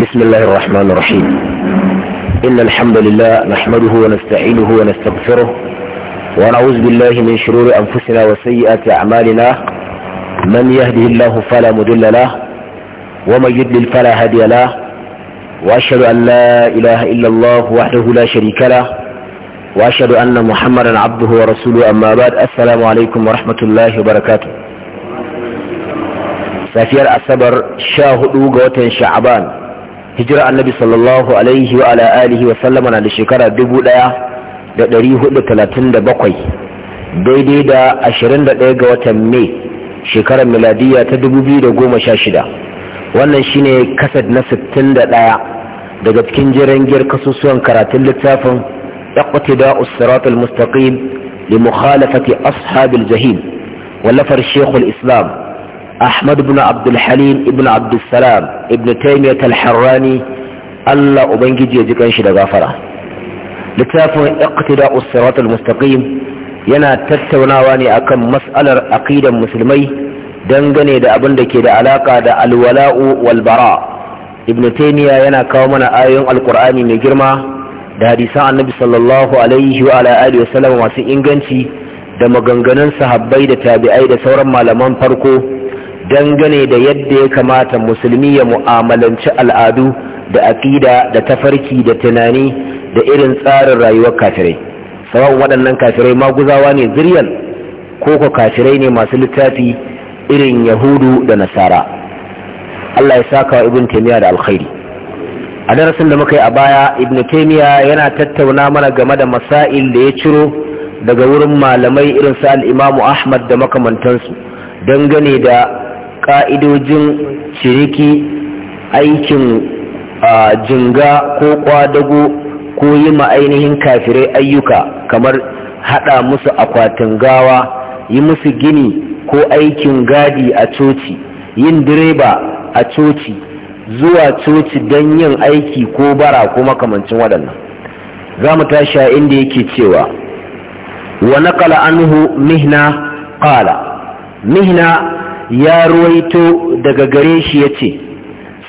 بسم الله الرحمن الرحيم إن الحمد لله نحمده ونستعينه ونستغفره ونعوذ بالله من شرور أنفسنا وسيئات أعمالنا من يهده الله فلا مضل له ومن يضلل فلا هادي له وأشهد أن لا إله إلا الله وحده لا شريك له وأشهد أن محمدا عبده ورسوله أما بعد السلام عليكم ورحمة الله وبركاته safiyar asabar sha hudu ga watan sha'aban hijira annabi sallallahu alaihi wa ala alihi wa sallama na da shekara 1437 daidai da 21 ga watan mai shekarar miladiya ta 2016 wannan shine kasad na 61 daga cikin jirangiyar kasusuwan karatun littafin اقتداء الصراط li mukhalafati ashabil jahil Walafar Shekul Islam. أحمد بن عبد الحليم ابن عبد السلام ابن تيمية الحراني الله أبنجي يجيكن شي غفرة لتافه اقتداء الصراط المستقيم yana tattaunawa ne akan mas'alar aqidan musulmai dangane da abin da ke da alaka da alwala'u wal bara ibn taymiya yana kawo mana ayoyin alkur'ani mai girma da hadisan annabi sallallahu alaihi wa masu inganci da maganganun sahabbai da tabi'ai da sauran malaman farko dangane da yadda ya kamata musulmi ya mu'amalanci al'adu da aƙida da tafarki da tunani da irin tsarin rayuwar kafirai sababin waɗannan kafirai maguzawa ne ziryan ko ko kafirai ne masu littafi irin yahudu da nasara Allah ya saka wa ibn taymiya da alkhairi a darasin da muka yi a baya ibn taymiya yana tattauna mana game da masail da ya ciro daga wurin malamai irin su al-imamu ahmad da makamantansu dangane da ƙa'idojin ciriki, aikin jinga ko ƙwadago ko yi ainihin kafirai ayyuka kamar haɗa musu akwatin gawa yi musu gini ko aikin gadi a coci yin direba a coci zuwa coci don yin aiki ko bara ko makamancin waɗannan za mu tashi a inda yake cewa wa naƙala anhu mihna ƙala mihna ya ruwaito daga gare shi ya ce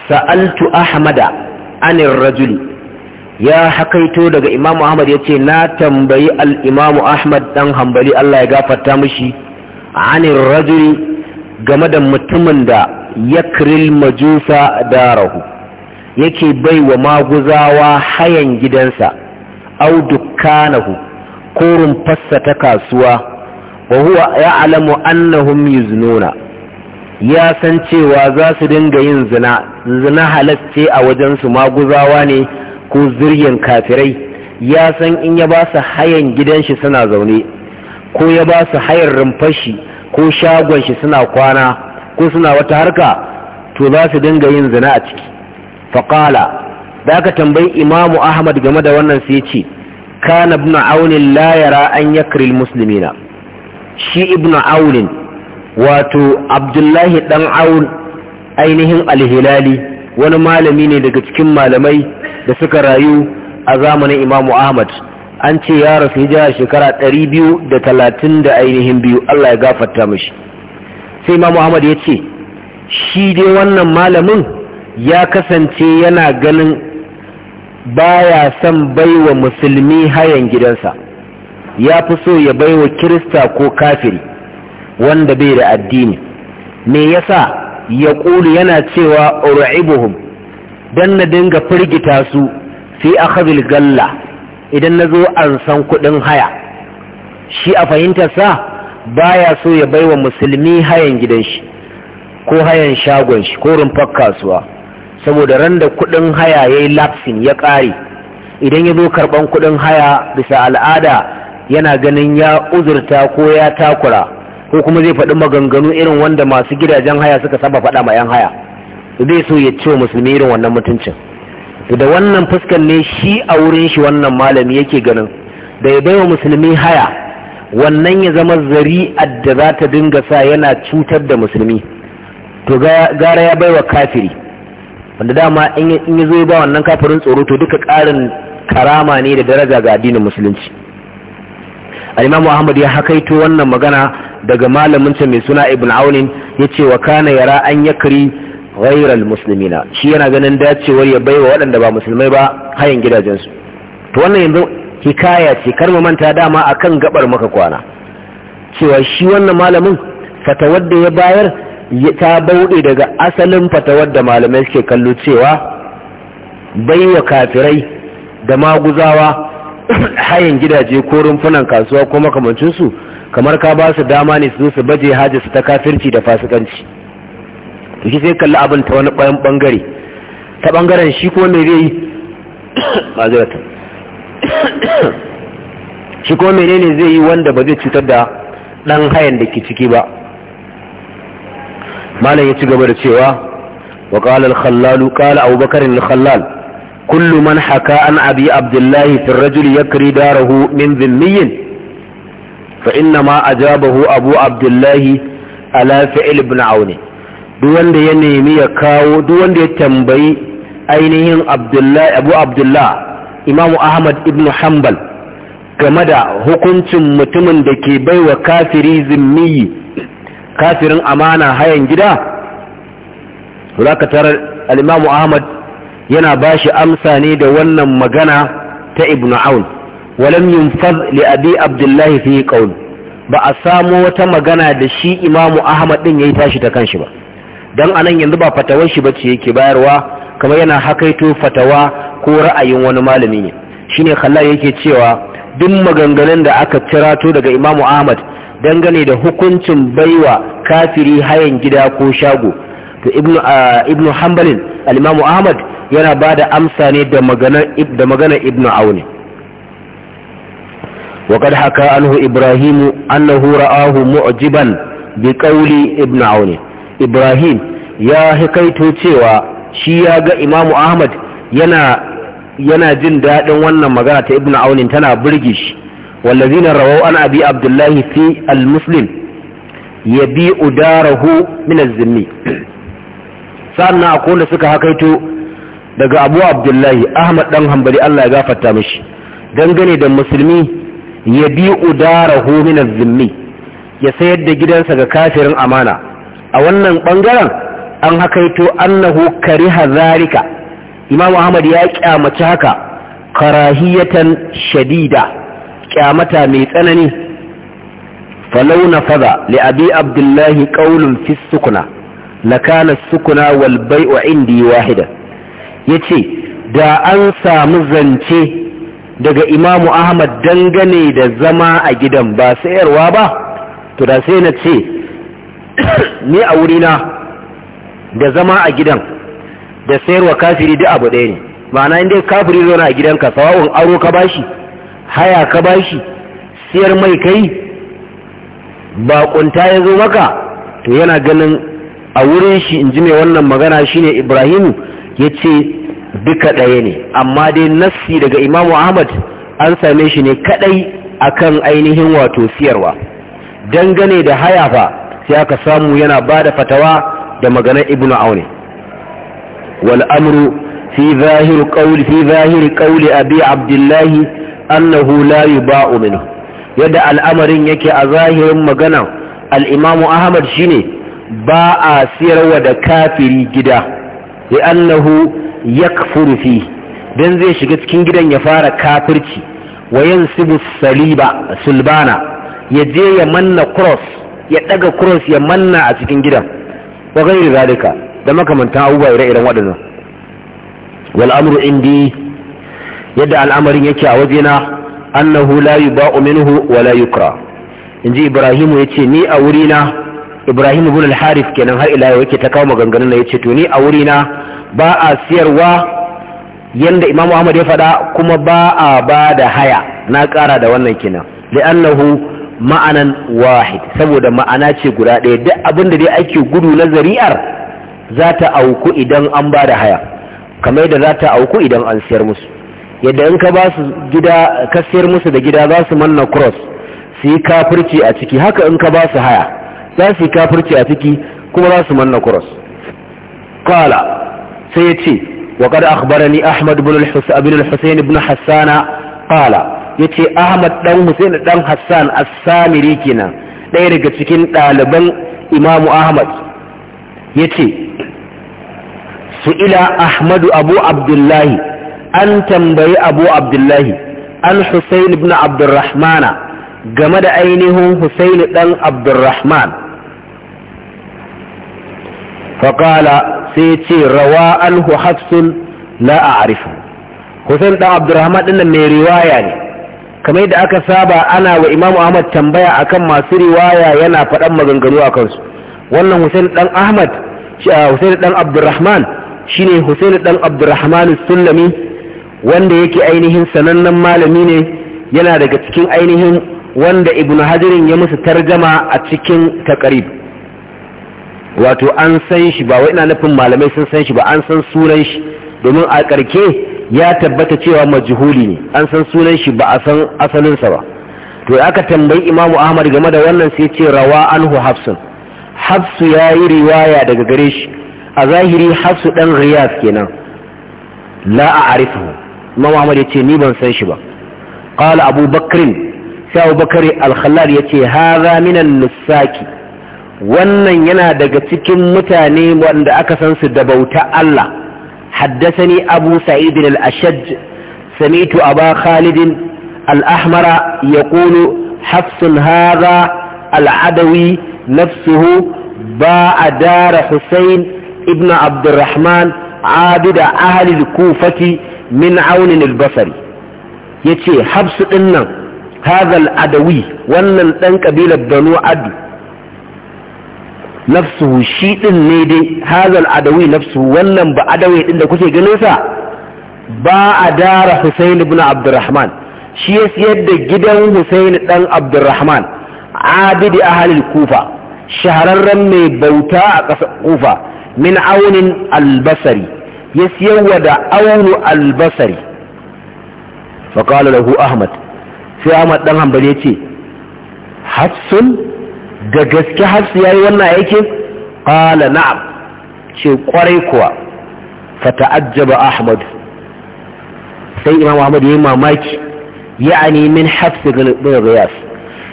sa'altu ahmada anin rajuli ya hakaito daga imamu ahmad ya ce na tambayi al'imamu ahmad ɗan hambali Allah ya gafata mashi anin rajuli game da mutumin da ya kiril majusa rahu yake bai wa maguzawa hayan gidansa au dukkanahu ko rumfarsa ta kasuwa wa huwa ya alamu annahum yuznuna ya san cewa za su dinga yin zina zina halacce a wajen su maguzawa ne ko zirgin kafirai ya san in ya ba su hayan gidan shi suna zaune ko ya ba su hayar rumfashi ko shagon shi suna kwana ko suna wata harka to za su dinga yin zina a ciki faƙala da aka tambayi imamu ahmad game da wannan sai ce kana ibn aunin la yara an yakril muslimina shi ibn aunin wato abdullahi dan aun ainihin alhilali wani malami ne daga cikin malamai da suka rayu a zamanin Imam ahmad an ce ya rasu hijira shekara ɗari biyu da talatin da ainihin biyu allah ya gafarta mashi sai imamu ahmad ya ce shi dai wannan malamin ya kasance yana ganin baya son baiwa musulmi hayan gidansa ya fi so ya baiwa kirista ko kafiri wanda bai da addini me yasa ya ƙulu yana cewa ur'ibuhum dan na dinga firgita su fi akhadhil galla idan nazo an san kuɗin haya shi a fahimtarsa baya so ya baiwa musulmi hayan gidan shi ko hayan shagon shi ko rumfar kasuwa saboda ran da kuɗin haya yayi lapsin ya ƙare idan ya zo karɓan kuɗin haya bisa al'ada yana ganin ya uzurta ko ya takura ko kuma zai faɗi maganganu irin wanda masu gidajen haya suka saba faɗa ma 'yan haya zai so ya ce musulmi irin wannan mutuncin to da wannan fuskan ne shi a wurin shi wannan malami yake ganin da ya baiwa musulmi haya wannan ya zama zari'ar da za ta dinga sa yana cutar da musulmi to gara ya baiwa kafiri wanda dama in ya zo ba wannan kafirin tsoro to duka ƙarin karama ne da daraja ga addinin musulunci alimamu ahmad ya hakaito wannan magana daga malaminta mai suna ibn aunin ya ce wa kana yara an ya ghairal musulmina shi yana ganin dacewar ya baiwa waɗanda ba musulmai ba hayan gidajensu to wannan yanzu hikaya ce kar mu manta dama akan gabar maka kwana cewa shi wannan malamin fatawar da ya bayar ta bauɗe daga asalin fatawar da malamai suke kallo cewa baiwa kafirai da maguzawa hayan gidaje ko rumfunan kasuwa ko makamancinsu kamar ka ba su dama ne su su baje haji su ta kafirci da fasikanci to shi sai kalli abin ta wani bayan ɓangare ta ɓangaren shi ko me zai shi ko menene zai yi wanda ba zai cutar da ɗan hayan da ke ciki ba malam ya ci gaba da cewa wa qala al-khallal qala bakr al-khallal kullu man haka an abi abdullahi fi ar-rajul yakri darahu min dhimmiyin fa inna ma ajabahu abu abdullahi ala fi'il ibn auni duk ya kawo duk ya tambayi ainihin abdullahi abu abdullah imamu ahmad ibn hambal game da hukuncin mutumin da ke baiwa kafiri zimmiyi kafirin amana hayan gida zaka tarar al-imamu ahmad yana bashi amsa ne da wannan magana ta ibnu aun walam yunfaz li abi abdullahi fi qawl ba a samo wata magana da shi imamu ahmad din yayi tashi ta kanshi ba dan anan yanzu ba fatawar shi bace yake bayarwa kamar yana hakaito fatawa ko ra'ayin wani malami ne shine khallal yake cewa duk maganganun da aka cirato daga imamu ahmad dangane da hukuncin baiwa kafiri hayan gida ko shago to ibnu hanbalin al-imamu ahmad yana ba da amsa ne da maganar ibnu auni وقد حكى عنه إبراهيم ahu رآه معجبا بقول ابن عون ibrahim ya حكيتو cewa shi ya ga Imam Ahmad yana jin dadin wannan magana ta Ibn Aun tana burge shi wallazina rawaw an abi Abdullah fi al-Muslim yabi'u darahu min az-zimmi sannan akwai da suka hakaito daga Abu Abdullah Ahmad dan Hanbali Allah ya gafarta mishi dangane da musulmi ya bi udara homina zimmi ya sayar da gidansa ga kafirin amana a wannan ɓangaren an hakaito annahu kariha zalika imamu ahmad ya kyamaci haka karahiyatan shadida kyamata mai tsanani falau na faza li abi abdullahi qaulun fi sukuna lakana sukuna wal bai'u indi wahida yace da an samu zance daga imamu ahmad dangane da zama a gidan ba sayarwa ba to da sai na ce ni a wurina da zama a gidan da sayarwa kafiri duk abu ɗaya ne ma'ana inda kafiri na a gidanka sawa'un aro ka bashi haya ka bashi siyar mai kai baƙunta ya zo maka to yana ganin a wurin shi in ji mai wannan magana shine ibrahimu ya ce duka ɗaya ne amma dai nassi daga Imam ahmad an same shi ne kaɗai a kan ainihin wato siyarwa dangane da haya fa sai aka samu yana ba da fatawa da maganar ibnu aune wal amru fi zahir qawli abi abdullahi annahu la yuba'u minhu yadda al'amarin yake a zahirin magana al-imamu ahmad shine ba a siyarwa da kafiri gida li'annahu yakfuru fi don zai shiga cikin gidan ya fara kafirci wa yansibu saliba sulbana ya je ya manna cross ya daga cross ya manna a cikin gidan wa gairi zalika da makamantan abubuwa ire-iren waɗannan wal amru indi yadda al'amarin yake a waje na, annahu la yuba'u minhu wa la yukra inji ibrahimu ce, ni a wurina ibrahim ibn al-harith kenan har ila yake ta kawo maganganun na yace to ni a wuri na ba a siyarwa yanda imam ahmad ya fada kuma ba a ba da haya na kara da wannan kenan li'annahu ma'anan wahid saboda ma'ana ce guda ɗaya duk abin da dai ake gudu na zari'ar za ta auku idan an ba da haya kamar da za ta auku idan an siyar musu yadda in ka ba su gida ka siyar musu da gida za su manna cross su yi kafirci a ciki haka in ka ba su haya za su yi kafirci a ciki kuma za su manna kuras qala sai ya ce wa qad akhbarani ahmad ibn al-husayn ibn hassana qala yace ahmad dan husayn dan hassan as-samiri kenan ɗaya daga cikin ɗaliban imamu ahmad yace su'ila ahmadu abu abdullahi an tambayi abu abdullahi an husayn ibn abdurrahmana game da ainihin husaini ɗan abdurrahman faƙala sai ce rawa alhu hafsun la a arifu husaini ɗan abdurrahman ɗin mai riwaya ne kamar da aka saba ana wa Imam ahmad tambaya akan masu riwaya yana faɗan maganganu a kansu wannan husaini ɗan ahmad ah, husaini ɗan abdurrahman shine husaini ɗan abdurrahman sulami wanda yake ainihin sanannen malami ne yana daga cikin ainihin wanda ibn hadirin ya musu targama a cikin takarib wato an san shi ba wai ina nufin malamai sun san shi ba an san sunan shi domin a karke ya tabbata cewa majhuli ne an san sunan shi ba a san asalinsa ba to aka tambayi imamu ahmad game da wannan sai ce rawa anhu hafsun hafsu ya yi riwaya daga gare shi a zahiri hafsu dan riyas kenan la a arifu imamu ahmad ya ce ni ban san shi ba qala abu bakrin sai bakari al-khallal ya ce haza minan nusaki wannan yana daga cikin mutane wanda aka san su da bauta Allah haddasani abu sa'id al-ashaj sami'tu aba khalid al-ahmara yaqulu hafsun haza al-adawi nafsuhu a dara husayn ibn abd abida ahli kufati min aun al-basri yace habsu dinnan hazal adawi wannan ɗan ƙabilar banu adu nafsuhu shi ɗin ne dai hazal adawi nafsuhu wannan ba adawi ɗin da kuke ganinsa ba a dara husaini ibn abdurrahman shi ya siyar da gidan husaini ɗan abdurrahman abidi ahalil kufa shahararren mai bauta a ƙasar kufa min aunin albasari ya siyarwa da aunu albasari faƙalar lahu ahmad sai ahmad dan hanbal ya ce hafsun da gaske hafsu ya yi wannan aikin ƙala na'am ce ƙwarai kuwa fata'ajjaba ahmad sai imam ahmad ya yi mamaki ya'ani min hafsu bin riyas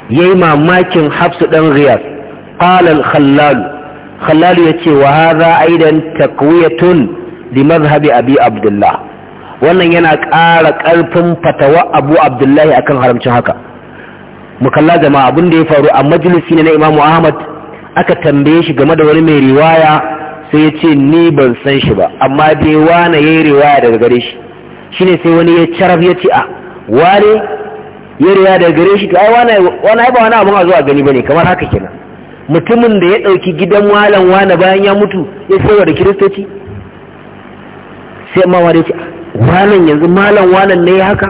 ya yi mamakin hafsu ɗan riyas ƙalal khallalu khallalu ya ce wa haza aidan takwiyatun li mazhabi abi abdullah wannan yana ƙara ƙarfin fatawa abu abdullahi akan haramcin haka mukalla jama'a abin da ya faru a majalisi na imamu ahmad aka tambaye shi game da wani mai riwaya sai ya ce ni ban san shi ba amma dai wane ya yi riwaya daga gare shi shine sai wani ya caraf ya ce a wane ya riwaya daga gare shi to ai wane ai ba wani abin a zuwa gani bane kamar haka kenan mutumin da ya ɗauki gidan walan wane bayan ya mutu ya wa da kiristoci sai amma wane ce malam yanzu malam wannan ne haka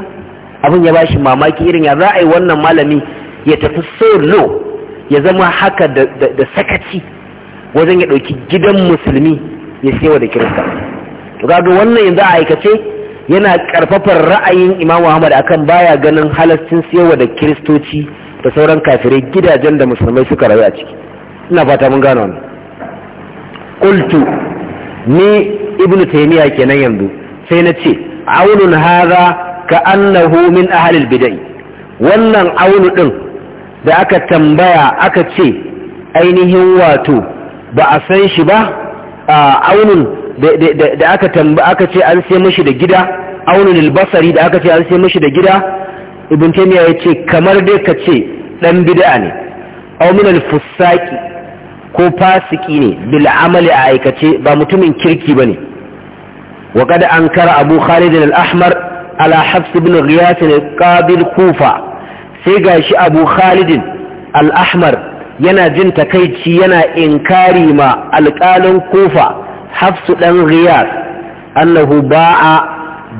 abin ya bashi mamaki irin ya za a yi wannan malami ya tafi solo ya zama haka da sakaci wajen ya ɗauki gidan musulmi ya sewa da kirista to kaga wannan yanzu a aikace yana karfafar ra'ayin imam muhammad akan baya ganin halastin sewa da kiristoci da sauran kafirai gidajen da musulmai suka rayu a ciki ina fata mun gano wannan qultu ni ibnu taymiya kenan yanzu sai na ce aunun haza ka annahu min ahalil bidai wannan aunu ɗin da aka tambaya aka ce ainihin wato ba a san shi ba aunun da aka tambaya aka ce an sai mashi da gida aunun albasari da aka ce an sai mashi da gida ibn taymiya ce kamar dai ka ce dan bid'a ne aw min ko fasiki ne bil amali a aikace ba mutumin kirki ba ne. وقد أنكر أبو خالد الأحمر على حفص بن غياث القاضي الكوفة سيقاش أبو خالد الأحمر yana jin takaici yana inkari ma alƙalin kufa hafsu ɗan riyas annahu ba'a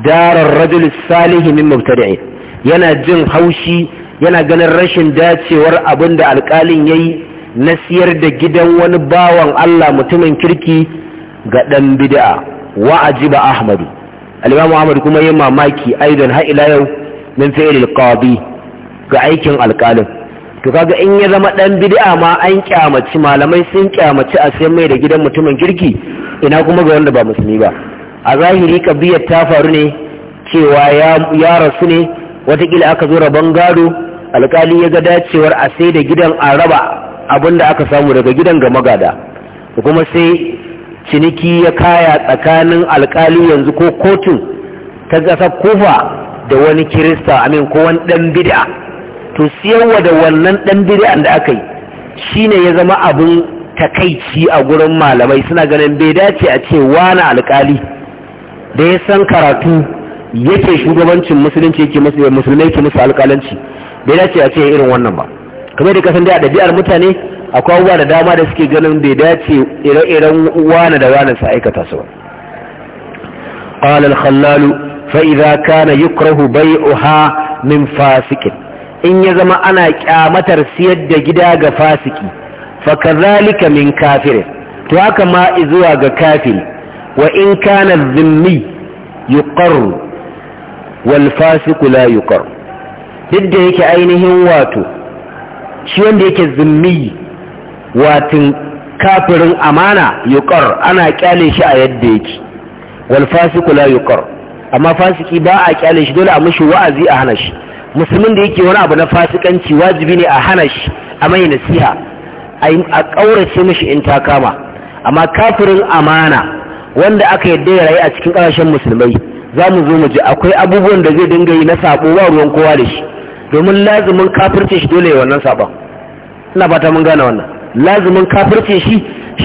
darar rajul salihi min mubtadi'i yana jin haushi yana ganin rashin dacewar abin da alƙalin yayi na siyar da gidan wani bawan Allah mutumin kirki ga ɗan bid'a wa ajiba ahmadu al-imamu ahmad kuma yin mamaki aidan har ila yau min fi'il qadi ga aikin alƙalin to kaga in ya zama dan bid'a ma an kyamaci malamai sun kyamaci a sayan mai da gidan mutumin kirki ina kuma ga wanda ba musulmi ba a zahiri kabiyar ta faru ne cewa ya rasu ne watakila aka zo rabon gado alkali ya ga dacewar a sai da gidan a raba abinda aka samu daga gidan ga magada kuma sai ciniki ya kaya tsakanin alkali yanzu ko kotun ta gasa kufa da wani kirista amin ko wani ɗan bid'a to siyarwa da wannan ɗan bid'an da aka yi shine ya zama abin takaici a gurin malamai suna ganin bai dace a ce wani alkali da ya san karatu yake shugabancin musulunci yake musulmai ke musu alkalanci bai dace a ce irin wannan ba kamar da kasan da a ɗabi'ar mutane akwai abubuwa da dama da suke ganin bai dace ire-iren wane da wane su aikata su ba ƙalal khallalu fa'iza kana yukrahu bai'uha min fasikin in ya zama ana ƙyamatar siyar da gida ga fasiki fakazalika min kafirin to haka ma zuwa ga kafiri wa in kana zimmi yuqarru wal fasiku la duk da yake ainihin wato shi wanda yake zimmi watin kafirin amana yuqar ana kyale shi a yadda yake wal fasiku la yuqar amma fasiki ba a kyale shi dole a mushi wa'azi a hana shi musulmin da yake wani abu na fasikanci wajibi ne a hana shi a mai nasiha a kaurace mushi in ta kama amma kafirin amana wanda aka yadda ya rayu a cikin ƙasashen musulmai za mu zo mu ji akwai abubuwan da zai dinga yi na sabo ba ruwan kowa da shi domin lazumin kafirce shi dole ya wannan saban ina fata mun gane wannan lazumin kafirce shi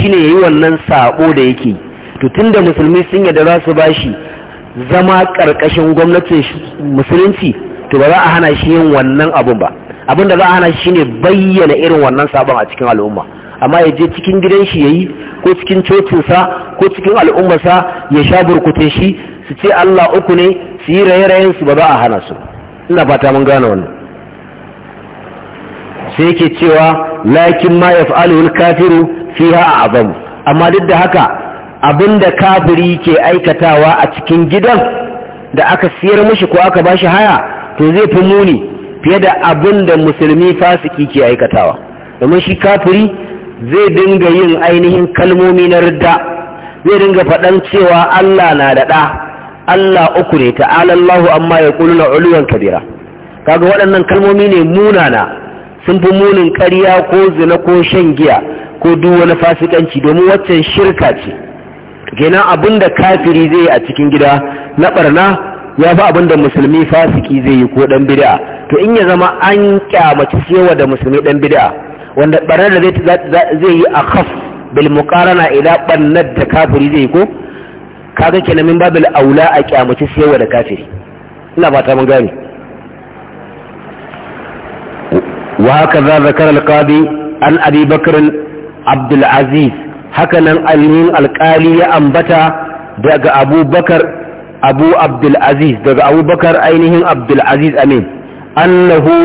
shine yi wannan sabo da yake to tunda musulmi sun da za su ba shi zama ƙarƙashin gwamnatin musulunci to ba za a hana shi yin wannan abun ba abin da za a hana shi ne bayyana irin wannan sabon a cikin al'umma amma ya je cikin gidan shi ya yi, ko cikin cocinsa ko cikin al'ummarsa ya sha burkutun shi su ce Allah uku ne su yi raye-rayen su ba za a hana su ina fata mun gane wannan sai yake cewa lakin ma yaf'aluhu al-kafiru fiha a'zam amma duk da haka abinda kafiri ke aikatawa a cikin gidan da aka siyar mishi ko aka bashi haya to zai fi muni fiye da abinda musulmi fasiki ke aikatawa domin shi kafiri zai dinga yin ainihin kalmomi na ridda zai dinga faɗan cewa Allah na da ɗa Allah uku ne ta'ala Allahu amma ya na uluwan kabira kaga waɗannan kalmomi ne munana sun fi munin ƙarya ko zina ko shan giya ko duk wani fasikanci domin waccan shirka ce gina abin da kafiri zai yi a cikin gida na ɓarna ya fi abin da musulmi fasiki zai yi ko ɗan bid'a to in ya zama an mace cewa da musulmi ɗan bid'a wanda ɓarnar da zai yi a kaf bil muqarana idan barnar da kafiri zai yi ko kaga kenan min babil aula a kyamaci siyarwa da kafiri ina fata mun gane wa haka za zakar alqadi an abi bakr abdul aziz haka nan alimin alkali ya ambata daga abubakar abu abdul aziz daga abubakar ainihin abdul aziz amin annahu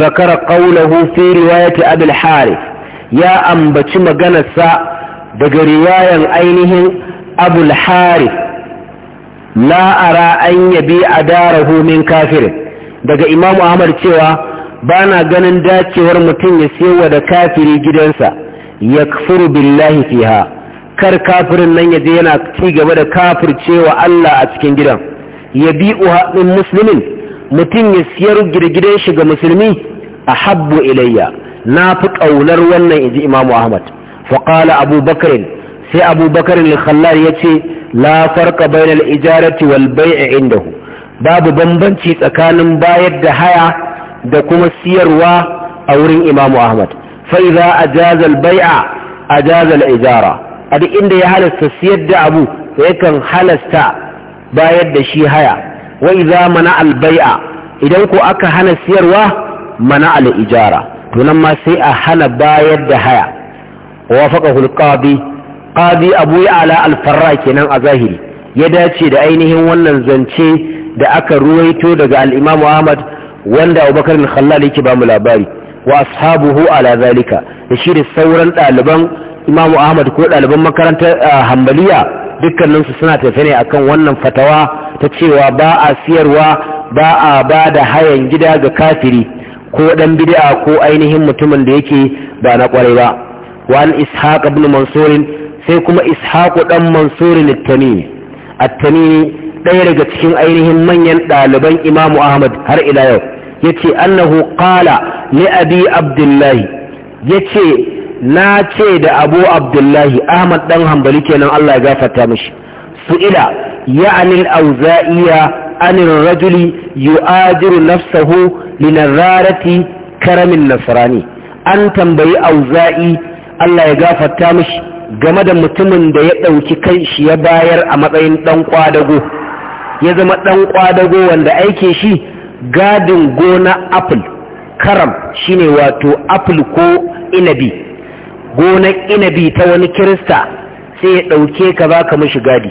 zakara qawluhu fi riwayati abul harith ya ambaci maganarsa daga riwayan ainihin abul harith la ara an yabi adarahu min kafirin daga imamu ahmad cewa bana ganin dacewar mutum ya wa da kafiri gidansa ya kafuru billahi fiha kar kafirin nan ya je yana ci gaba da cewa Allah a cikin gidan ya bi uhaɗin musulmin mutum ya siyar girgidan shi ga musulmi a habbu ilayya na fi ƙaunar wannan inji imamu ahmad faƙala Abubakar. sai abubakar bakar al ya ce la farka bayan al'ijarati wal bai'a indahu babu bambanci tsakanin bayar da haya da kuma siyarwa a wurin imamu ahmad fa'iza a jazal bai'a a jazal ijara a duk inda ya halasta siyar da abu yakan halasta bayar da shi haya wa'iza mana albai'a idan ko aka hana siyarwa mana al'ijara tunan ma sai a hana bayar da haya wa faƙa hulƙabi qadi abu ya'la al-farra kenan a zahiri ya dace da ainihin wannan zance da aka ruwaito daga al-imamu ahmad wanda abubakar al-khallal yake ba mu labari wa ashabuhu ala zalika da shi da sauran ɗaliban imam ahmad ko ɗaliban makarantar hambaliya dukkaninsu suna tafe ne akan wannan fatawa ta cewa ba a siyarwa ba a ba da hayan gida ga kafiri ko dan bid'a ko ainihin mutumin da yake ba na kwarai ba wa an ishaq ibn mansur sai kuma ishaku dan mansur al-tamimi at-tamimi ɗaya daga cikin ainihin manyan ɗaliban imamu ahmad har ila yau yace annahu qala li abi abdullahi yace na ce da abu abdullahi ahmad ɗan hambali kenan Allah ya gafarta mishi su'ila ya'ni al-auza'iya عن الرجل يؤاجر نفسه karamin nasrani an tambayi auza'i allah ya gafarta تامش game da mutumin da ya ɗauki kan shi ya bayar a matsayin ɗan ƙwadago ya zama ɗan ƙwadago wanda aike shi gadin gona apple karam shine wato apple ko inabi gonar inabi ta wani kirista sai ya ɗauke ka ba ka mashi gadi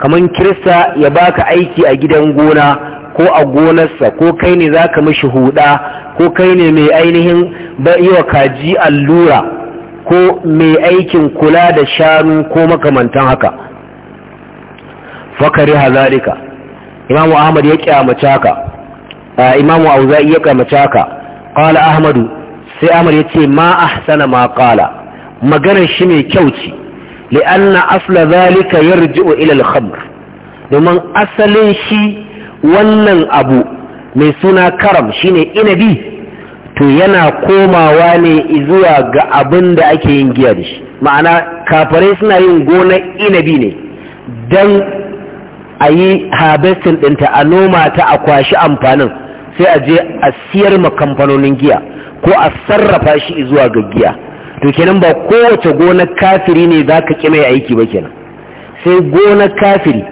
kamar kirista ya baka aiki a gidan gona ko a gonarsa ko kai ne za ka mashi huda ko kai ne mai ainihin yi wa kaji allura ko mai aikin kula da shanu ko makamantan haka fakari hazarika imamu ahmad ya kyamace haka imamu auza'i ya kyamace haka qala ahmadu sai ahmad ya ce ma ahsana ma qala maganar shi mai kyau ce li'anna asla zalika yarji'u ila al-khamr domin asalin shi wannan abu mai suna karam shine inabi to yana komawa ne zuwa ga abin da ake yin giya da shi ma'ana kafirai suna yin gona inabi ne don a yi harvestin ɗinta a noma ta a kwashi amfanin sai a je a siyar ma kamfanonin giya ko a sarrafa shi zuwa ga giya to kenan ba kowace gonar kafiri ne za ka ƙi mai aiki ba kenan sai gonar kafiri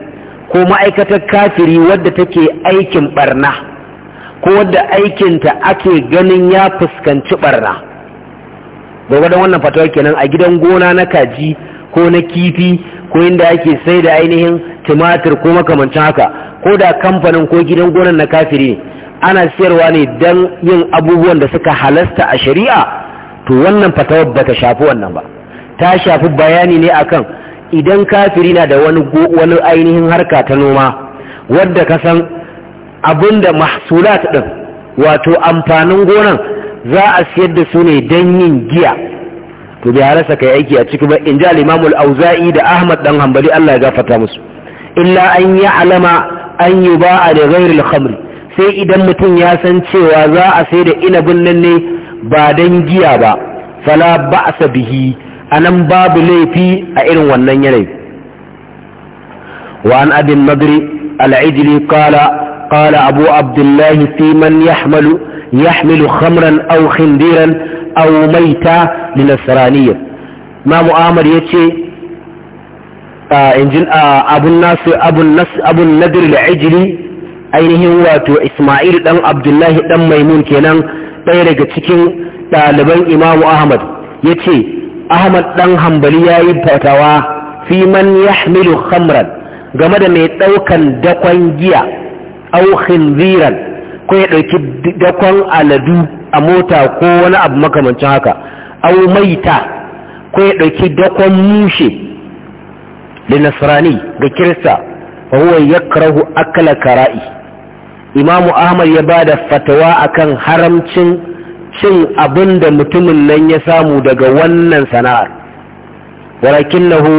ko ma'aikatar kafiri wadda take aikin barna ko wadda aikinta ake ganin ya fuskanci barna gwagwadon wannan fatawa kenan a gidan gona na kaji ko na kifi ko inda ake sai da ainihin tumatir ko makamancin haka ko da kamfanin ko gidan gona na kafiri ana siyarwa ne don yin abubuwan da suka halasta a shari'a to wannan fatawar bata shafi wannan ba ta shafi bayani ne akan idan kafiri na da wani ainihin harka ta noma wadda ka san abinda mahsulat din wato amfanin gonan za a siyar da su ne don yin giya to bai harasa kai aiki a ciki ba in ji alimamul auza'i da ahmad dan hambali Allah ya gafarta musu illa an yi alama an yi ba a da ghairil khamri sai idan mutum ya san cewa za a sai da inabin nan ne ba don giya ba fala ba'sa bihi anan babu laifi a irin wannan yanayi wa an abin magri al'ijili kala. قال أبو عبد الله في من يحمل يحمل خمرا أو خنديرا أو ميتا لنصرانية ما مؤامر يتي أبو الناس أبو, النس أبو ainihin wato Ismail dan Abdullahi dan Maimun kenan ɗaya daga cikin ɗaliban Imam Ahmad yace Ahmad dan Hanbali yayi fatawa fi man yahmilu khamran game da mai daukan dakon giya aw khinziran ko ya ɗauki dakon aladu a mota ko wani abu makamancin haka aw maita ko ya ɗauki dakon mushe da nasrani ga kirista fa huwa yakrahu akla kara'i imamu ahmad ya bada fatawa akan haramcin cin abinda mutumin nan ya samu daga wannan sana'ar walakinahu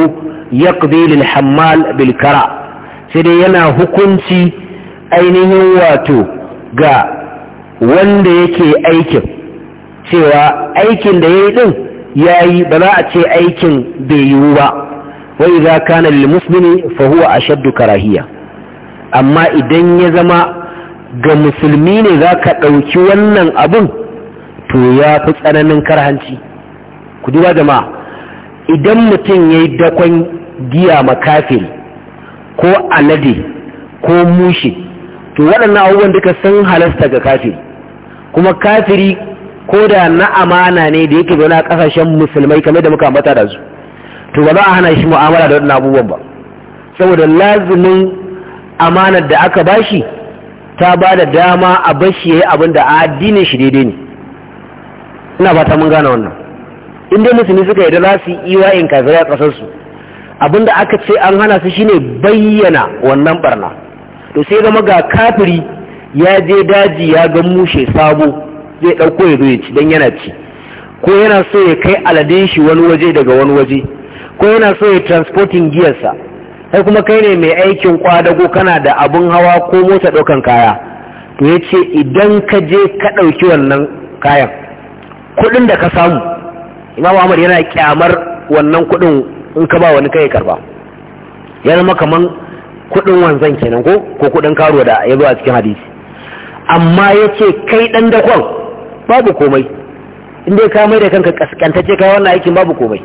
yaqdi lil hammal bil kara sai dai yana hukunci ainihin wato ga wanda yake aikin cewa aikin da ya yi ɗin ya yi ba za a ce aikin bai yiwu ba wai za ka na lilmusulmi fahuwa a shaddu karahiya amma idan ya zama ga musulmi ne za ka ɗauki wannan abin to ya fi tsananin karhanci ku duba jama'a idan mutum ya yi dakon giya makafin ko alade ko mushi to waɗannan abubuwan duka sun halasta ga kafiri kuma kafiri ko da na amana ne da yake zaune a ƙasashen musulmai kamar da muka ambata da su to ba za a hana shi mu'amala da waɗannan abubuwan ba saboda lazumin amanar da aka bashi ta ba da dama a bashi yayi abin da a addinin shi daidai ne ina fata mun gane wannan in dai musulmi suka yarda za su yi iwayin kafirai a ƙasarsu abin da aka ce an hana su shine bayyana wannan barna to sai zama ga kafiri ya je daji ya ga mushe sabo zai ɗauko ya zo ya ci don yana ci ko yana so ya kai aladin shi wani waje daga wani waje ko yana so ya transporting giyarsa sai kuma kai ne mai aikin kwadago kana da abin hawa ko mota ɗaukan kaya to ya ce idan ka je ka ɗauki wannan kayan kuɗin da ka samu Imam ahmad yana kyamar wannan kuɗin in ka ba wani kai karba yana makaman kudin wanzan kenan ko ko kudin karo da ya zo a cikin hadisi amma ya ce kai dan dakon babu komai inda ka mai da kanka kaskantacce kai wannan aikin babu komai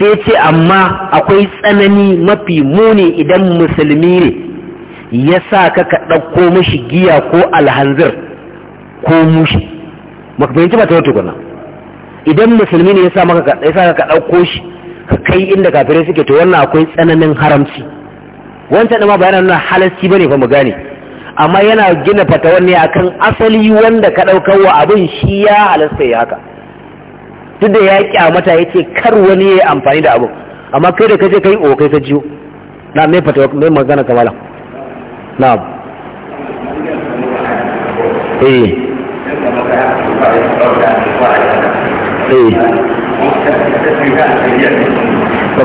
sai ce amma akwai tsanani mafi muni idan musulmi ne ya sa ka ka ɗauko mashi giya ko alhanzir ko mushi makamanci ba ta wata kuna idan musulmi ne ya sa ka ɗauko shi kai inda kafirai suke to wannan akwai tsananin haramci wanta da ma yana nuna halasci bane fa mu gane amma yana gina fatawar ne akan asali wanda ka daukar wa abin shi ya halasta ya haka duk da ya kyamata yace kar wani ya amfani da abin amma kai da je kai o kai ka jiyo na mai fatawa mai magana kamala na eh eh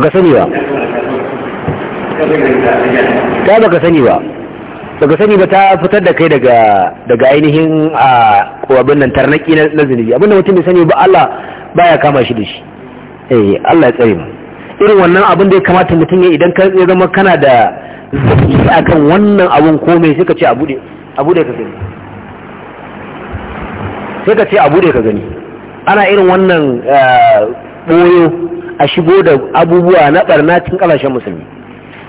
ka sani ba ta baka sani ba baka sani ba ta fitar da kai daga daga ainihin a abin nan tarnaki na zinubi abin da mutum bai sani ba Allah baya kama shi da shi eh Allah ya tsare mu irin wannan abin da ya kamata mutum ya idan ka ya zama kana da zaki akan wannan abun komai sai ka ce a bude a bude ka gani sai ka ce a bude ka gani ana irin wannan boyo eh, a shigo da abubuwa na barna cikin kalashen musulmi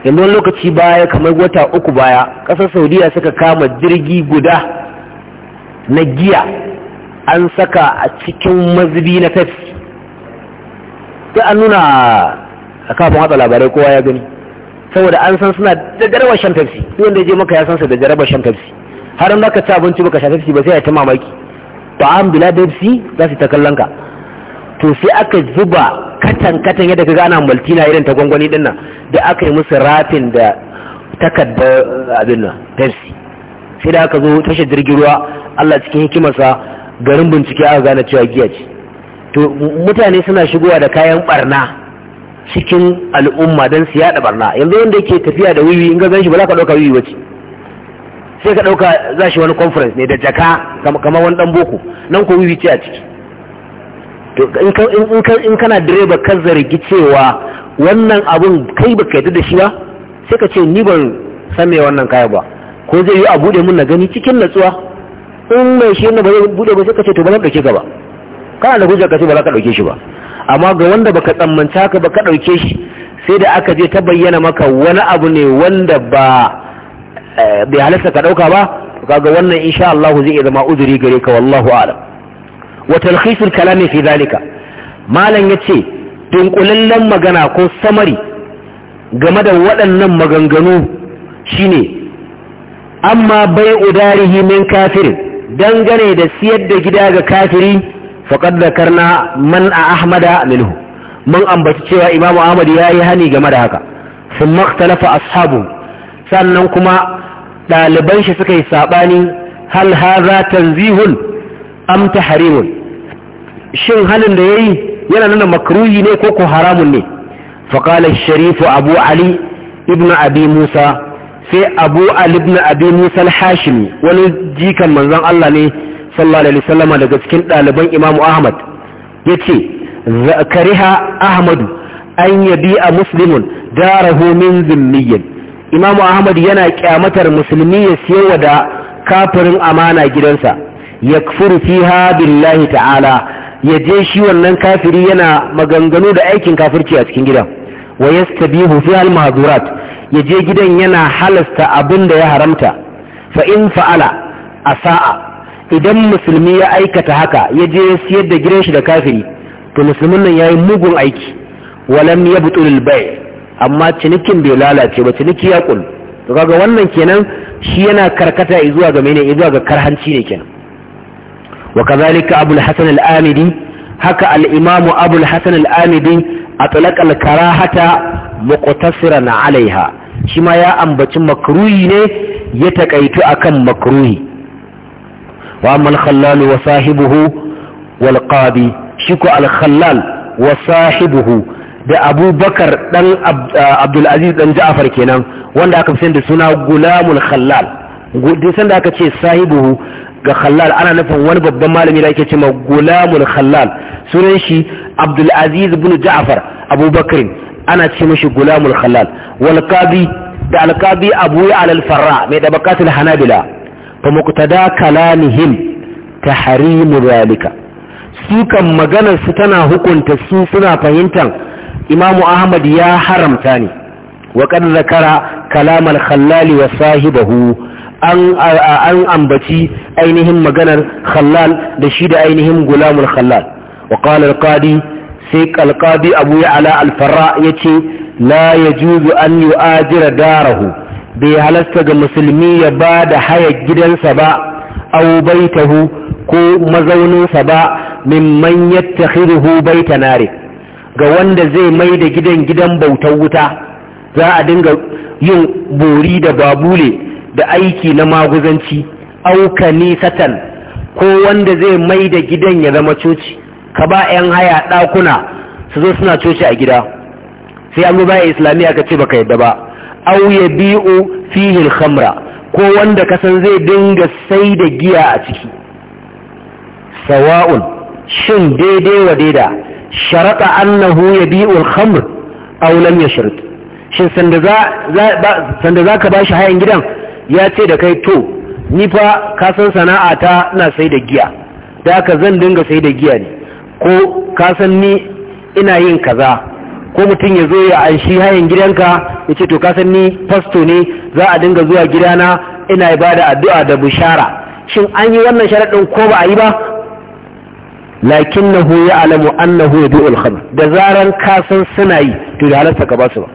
yanzu wani lokaci baya kamar wata uku baya ƙasar saudiya suka kama jirgi guda na giya an saka a cikin mazubi na tafi sai an nuna a kafin watsa labarai kowa ya gani saboda an san suna da jarabar shan duk wanda ya je maka ya san su da jarabar shan tafi har an baka ci abinci baka sha tafi ba sai ya ta mamaki Ba an bila tafi za su ta kallon ka to sai aka zuba katan-katan yadda kaga ana maltina irin ta gwangwani din nan da aka yi musu rafin da takarda uh, abin nan pepsi sai da aka zo tashar jirgin ruwa allah cikin hikimarsa garin bincike aka gane cewa giya ce to mutane suna shigowa da kayan barna cikin al'umma don su yada barna yanzu wanda yake tafiya da wiwi in ga ganshi ba za ka ɗauka wiwi ce. sai ka ɗauka za shi wani conference ne da jaka kamar wani dan boko nan ko wiwi ce a ciki to in kana direba ka zargi cewa wannan abun kai baka yadda da shi ba sai ka ce ni ban san me wannan kaya ba ko zai yi a bude mun na gani cikin natsuwa in mai shi ne ba zai bude ba sai ka ce to ba zan dauke ka ba kana da hujja ka ce ba za ka dauke shi ba amma ga wanda baka tsammanta ka ba ka dauke shi sai da aka je ta bayyana maka wani abu ne wanda ba eh, bai halasta ka dauka ba kaga wannan insha Allah zai zama uzuri gare ka wallahu a'lam wa talkhisul kalami fi zalika malam ya ce dunkulallen magana ko samari game da waɗannan maganganu shine amma bai udarihi min kafirin dangane da siyar da gida ga kafiri faqad zakarna man a ahmada minhu mun ambaci cewa Imam ahmad yayi hani game da haka thumma ikhtalafa ashabu sannan kuma ɗaliban shi suka yi saɓani hal haza tanzihun Amta Harimun. shin halin da yayi yana nuna makruhi ne ko ko haramun ne fa Sharifu sharif abu ali ibn abi musa sai abu ali ibn abi musa al-hashimi wani jikan manzon Allah ne sallallahu alaihi daga cikin ɗaliban imamu ahmad ce, zakariha ahmadu an yabi a muslimun darahu min zimmiyin imamu ahmad yana kyamatar musulmi ya siyowa da kafirin amana gidansa Yakfur fiha billahi ta'ala ya je shi wannan kafiri yana maganganu da aikin kafirci a cikin gidan wa yastabihu fiha al-mahdurat ya je gidan yana halasta abin da ya haramta fa in a sa'a. idan musulmi ya aikata haka ya je siyar da gidan shi da kafiri to musulmin nan yayi mugun aiki walam yabtul al-bay' amma cinikin bai lalace ba ciniki ya kul to kaga wannan kenan shi yana karkata zuwa ga mene zuwa ga karhanci ne kenan وكذلك أبو الحسن الآمدي هكا الإمام أبو الحسن الآمدي أطلق الكراهة مقتصرا عليها شما يا أنبت مكروهين يتكيت أكم مكروه وأما الخلال وصاحبه والقاضي شكو الخلال وصاحبه da Abu Bakar dan Abdulaziz dan Ja'far kenan wanda aka fi da suna Gulamul Khallal duk sanda aka ce sahibuhu ga khallal ana nufin wani babban malami da ake cewa gulamul khallal sunan shi abdul aziz ibn ja'far abubakar ana ce mashi gulamul khallal wal qadi da al qadi abu ala al farra mai dabaqatul hanabila fa muqtada kalamihim tahrim zalika su kan maganar su tana hukunta su suna fahimtar imamu ahmad ya haramta ne wa kad zakara kalam al wa sahibahu an an ambaci ainihin maganar khallal da shi da ainihin gulamul khallal wa qala al-qadi sai al-qadi abu ya'la al-farra yace la yajuzu an yu'ajira darahu bai halasta ga musulmi ya bada da haya gidansa ba aw baitahu ko mazauninsa ba mimman yattakhiruhu baita nari ga wanda zai mai da gidan gidan bautar wuta za a dinga yin bori da babule da aiki na maguzanci ni nisatan ko wanda zai mai da gidan ya zama coci ka ba 'yan haya ɗakuna su zo suna coci a gida sai an ba islamiyya ka ce baka yadda ba au ya bi'u fihil khamra ko wanda kasan zai dinga sai da giya a ciki sawa'un shin daidai wa daida sharaɗa annahu ya bi'ul khamr aw lam shirta. shin sanda za ka ba shi hayan gidan ya ce da kai to ni fa ka san sana'a ta ina sai da giya da ka zan dinga sai da giya ne ko ka san ni ina yin kaza ko mutum ya zo ya anshi hayan gidanka ya ce to ka san ni fasto ne za a dinga zuwa gidana ina yi bada addu'a da bushara shin an yi wannan sharaɗin ko ba a yi ba lakin na hu ya alamu annahu ya bi'ul da zaran ka san suna yi to da halarta ka ba su ba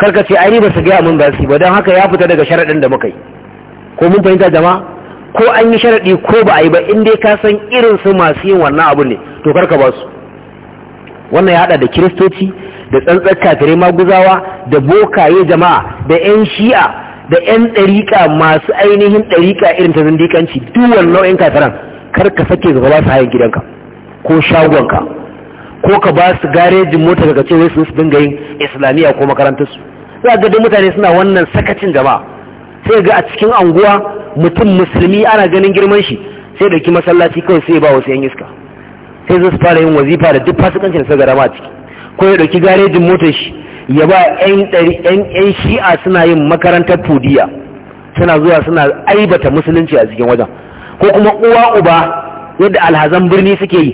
karka ce ai ba su gaya mun ba su ba don haka ya fita daga sharaɗin da muka yi ko mun fahimta jama'a ko an yi sharaɗi ko ba a yi ba in dai ka san irin su masu yin wannan abu ne to karka ba su wannan ya haɗa da kiristoci da tsantsar kafirai maguzawa da bokaye jama'a da 'yan shi'a da 'yan ɗariƙa masu ainihin ɗariƙa irin ta zindikanci duk nau'in kafiran kar ka sake gaba ba su hayan gidanka ko shagonka ko ka ba su garejin mota daga cewa su dinga yin islamiyya ko makarantarsu za ga duk mutane suna wannan sakacin jama'a sai ga a cikin anguwa mutum musulmi ana ganin girman shi sai ki masallaci kawai sai ba wasu yan iska sai zai fara yin wazifa da duk fasikancin da suka rama a ciki ko ya dauki garejin motar shi ya ba yan shi'a suna yin makarantar tudiya suna zuwa suna aibata musulunci a cikin wajen ko kuma uwa uba yadda alhazan birni suke yi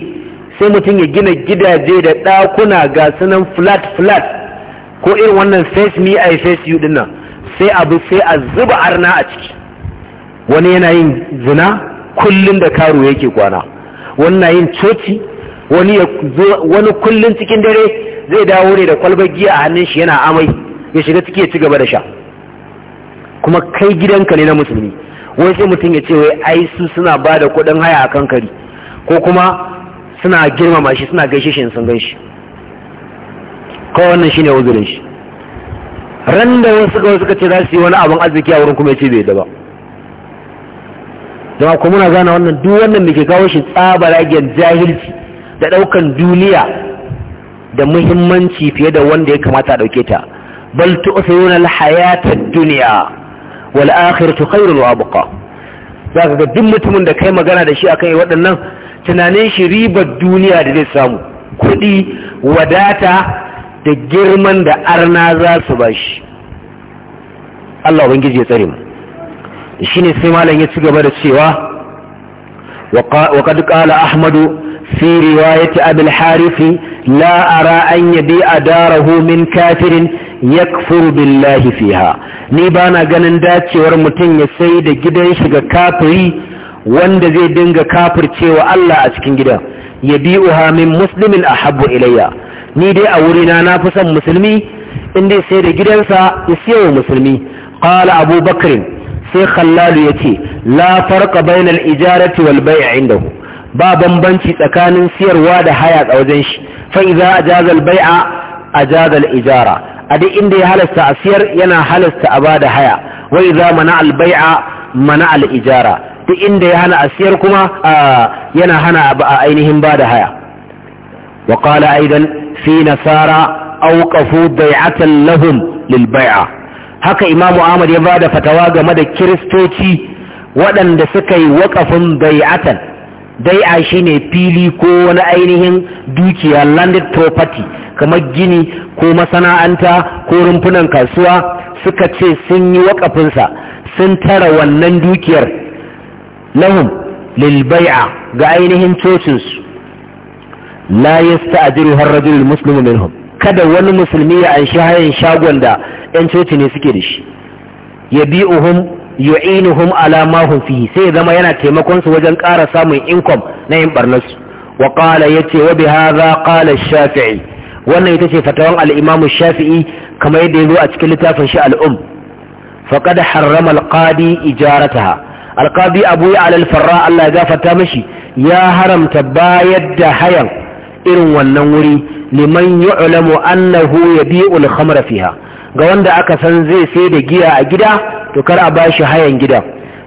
sai mutum ya gina gidaje da ɗakuna ga sunan flat flat ko irin wannan face me i face you dinnan sai abu sai a zuba arna a ciki wani yana yin zina kullum da karo yake kwana wani na yin coci wani kullum cikin dare zai dawo ne da kwalbar giya a hannun shi yana amai ya shiga ciki ya ci gaba da sha kuma kai gidanka ne na musulmi wai sai mutum ya ce wai ai su suna ba da kuɗin haya a kan kari ko kuma suna girmama shi suna gaishe shi sun gaishe kawai wannan shine uzurin shi randa da wasu kawai suka ce za su yi wani abin arziki a wurin kuma ya ce bai da ba jama'a kuma muna gane wannan duk wannan da ke kawo shi tsabaragen jahilci da ɗaukan duniya da muhimmanci fiye da wanda ya kamata a ɗauke ta bal tu'thiruna al-hayata ad-dunya wal akhiratu khairun wa abqa zaka ga duk mutumin da kai magana da shi akan yi waɗannan tunanin shi ribar duniya da zai samu kuɗi wadata da girman da arna za su bashi Allah ubangiji ya tsare mu shine sai malam ya ci gaba da cewa wa qad qala ahmadu fi riwayati abul harith la ara an a darahu min kafirin yakfur billahi fiha ni bana ganin dacewar mutum ya sai da gidan shi ga kafiri wanda zai dinga kafircewa Allah a cikin gidan uha min muslimin ahabbu ilayya ni dai a wurina na fi son musulmi inda sai da gidansa ya siya wa musulmi qala abu sai khallalu ya ce la farqa bainal ijarati wal a indahu ba bambanci tsakanin siyarwa da haya a wajen shi fa'iza a ajaza al a ajaza ijara a duk inda ya halasta a siyar yana halasta a bada haya wa idza mana al mana alijara ijara duk inda ya hana a siyar kuma yana hana a ainihin bada haya وقال أيضا في نصارى أوقفوا بيعة لهم للبيعة هكا إمام آمد يبادى فتواقى مدى كريستوتي ودن دسكي وقف بيعة بيعة شيني بيلي كون أينهم دوكي landed property kamar gini ko masana'anta ko rumfunan kasuwa suka ce sun yi waƙafinsa sun tara wannan dukiyar lahum lilbai'a ga ainihin cocinsu la yasta'jiru har rajulul muslimu minhum kada wani musulmi ya anshi hayan shagon da yan coci ne suke da shi yabi'uhum yu'inuhum ala ma hum fihi sai zama yana taimakon su wajen ƙara samun income na yin barnasu wa qala yace wa bi hadha qala shafi'i wannan ita ce fatawan al-imam shafi'i kamar yadda yazo a cikin littafin shi al-um faqad harrama al-qadi ijarataha al-qadi abu ya al-farra Allah ya gafarta mishi ya haramta bayar da hayan irin wannan wuri liman yu'lamu annahu yabi'ul khamra fiha ga wanda aka san zai sai da giya a gida to kar a bashi hayan gida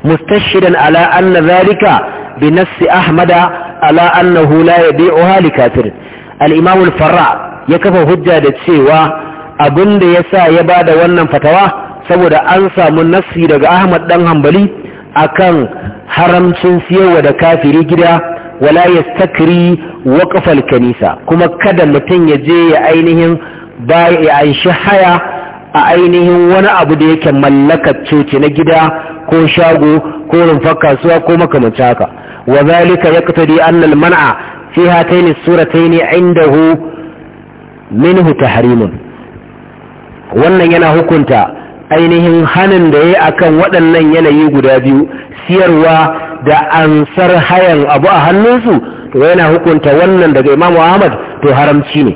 mustashidan ala anna zalika bi nassi ahmada ala annahu la yabi'uha li kafir al-imam al-farra ya kafa hujja da cewa abinda yasa ya bada wannan fatawa saboda an samu nassi daga ahmad dan hanbali akan haramcin siyarwa da kafiri gida wala yastakri waqfal kanisa kuma kada mutum ya je ya ainihin bai ya shi haya a ainihin wani abu da yake mallakar coci na gida ko shago ko rumfar kasuwa ko makamancin haka wa zalika yaqtadi anna al-man'a fi hatayn as-suratayn 'indahu minhu tahrimun wannan yana hukunta ainihin hannun da ya akan waɗannan yanayi guda biyu siyarwa da ansar hayan abu a hannunsu to yana hukunta wannan daga imamu ahmad to haramci ne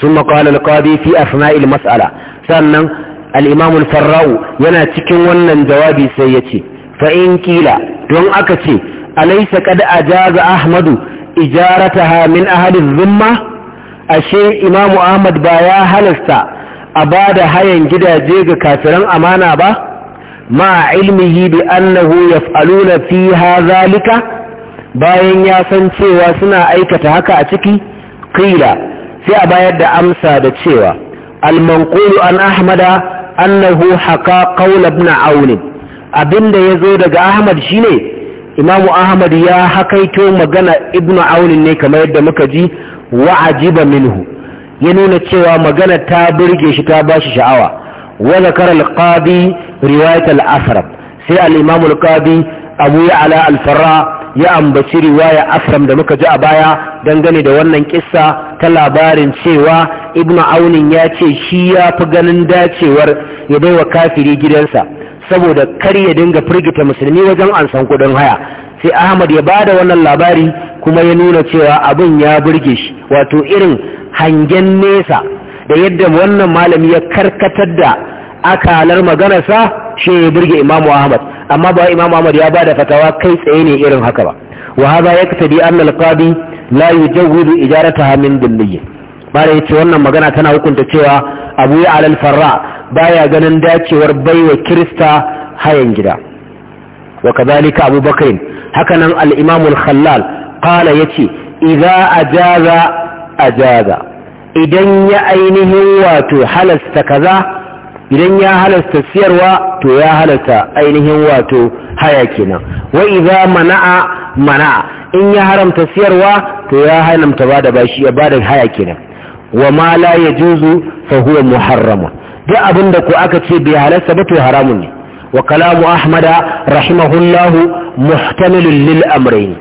sun maƙalar alƙadi fi asna'il mas'ala sannan al'imamun farra'u yana cikin wannan jawabi sai ya ce fa'in kila don aka ce alaisa kada a jaza ahmadu ijarata min ahalin zumma ashe imamu ahmad ba ya halasta a ba da hayan gidaje ga kafiran amana ba ma ilmihi bi annahu yaf'aluna fiha zalika bayan ya san cewa suna aikata haka a ciki qila sai a bayar da amsa da cewa al-manqulu an ahmada annahu haqa qaul ibn aun abinda yazo daga ahmad shine imamu ahmad ya hakaito magana ibn aun ne kamar yadda muka ji wa'ajiba minhu ya nuna cewa magana ta burge shi ta ba shi sha'awa wa zakara al-qadi riwayat al-asram sai al-imam al-qadi abu ya'la al-farra ya ambaci riwaya asram da muka ji a baya dangane da wannan kissa ta labarin cewa ibnu aunin ya ce shi ya fi ganin dacewar ya baiwa kafiri gidansa saboda kar ya dinga firgita musulmi wajen ansan kudin haya sai ahmad ya bada wannan labari kuma ya nuna cewa abin ya burge shi wato irin hangen nesa da yadda wannan malami ya karkatar da akalar maganarsa shi ya birge imamu ahmad amma ba imamu ahmad ya ba da fatawa kai tsaye ne irin haka ba wa haza ya katabi an alqadi la yujawwizu ijarataha min bada ya yace wannan magana tana hukunta cewa abu ya alal farra baya ganin dacewar baiwa kirista hayan gida wa kadhalika abu nan hakanan al imamul al-khallal qala yace idza ajaza ajaza idan ya ainihin wato halasta kaza idan ya halasta siyarwa to ya halasta ainihin wato haya kenan wa idza mana'a mana'a in ya haramta siyarwa to ya haramta ba bashi ya bada haya kenan wa ma la yajuzu fa huwa muharram duk abinda ko aka ce bai halasta ba to haramun ne wa kalamu ahmada rahimahullahu muhtamilun lil amrayn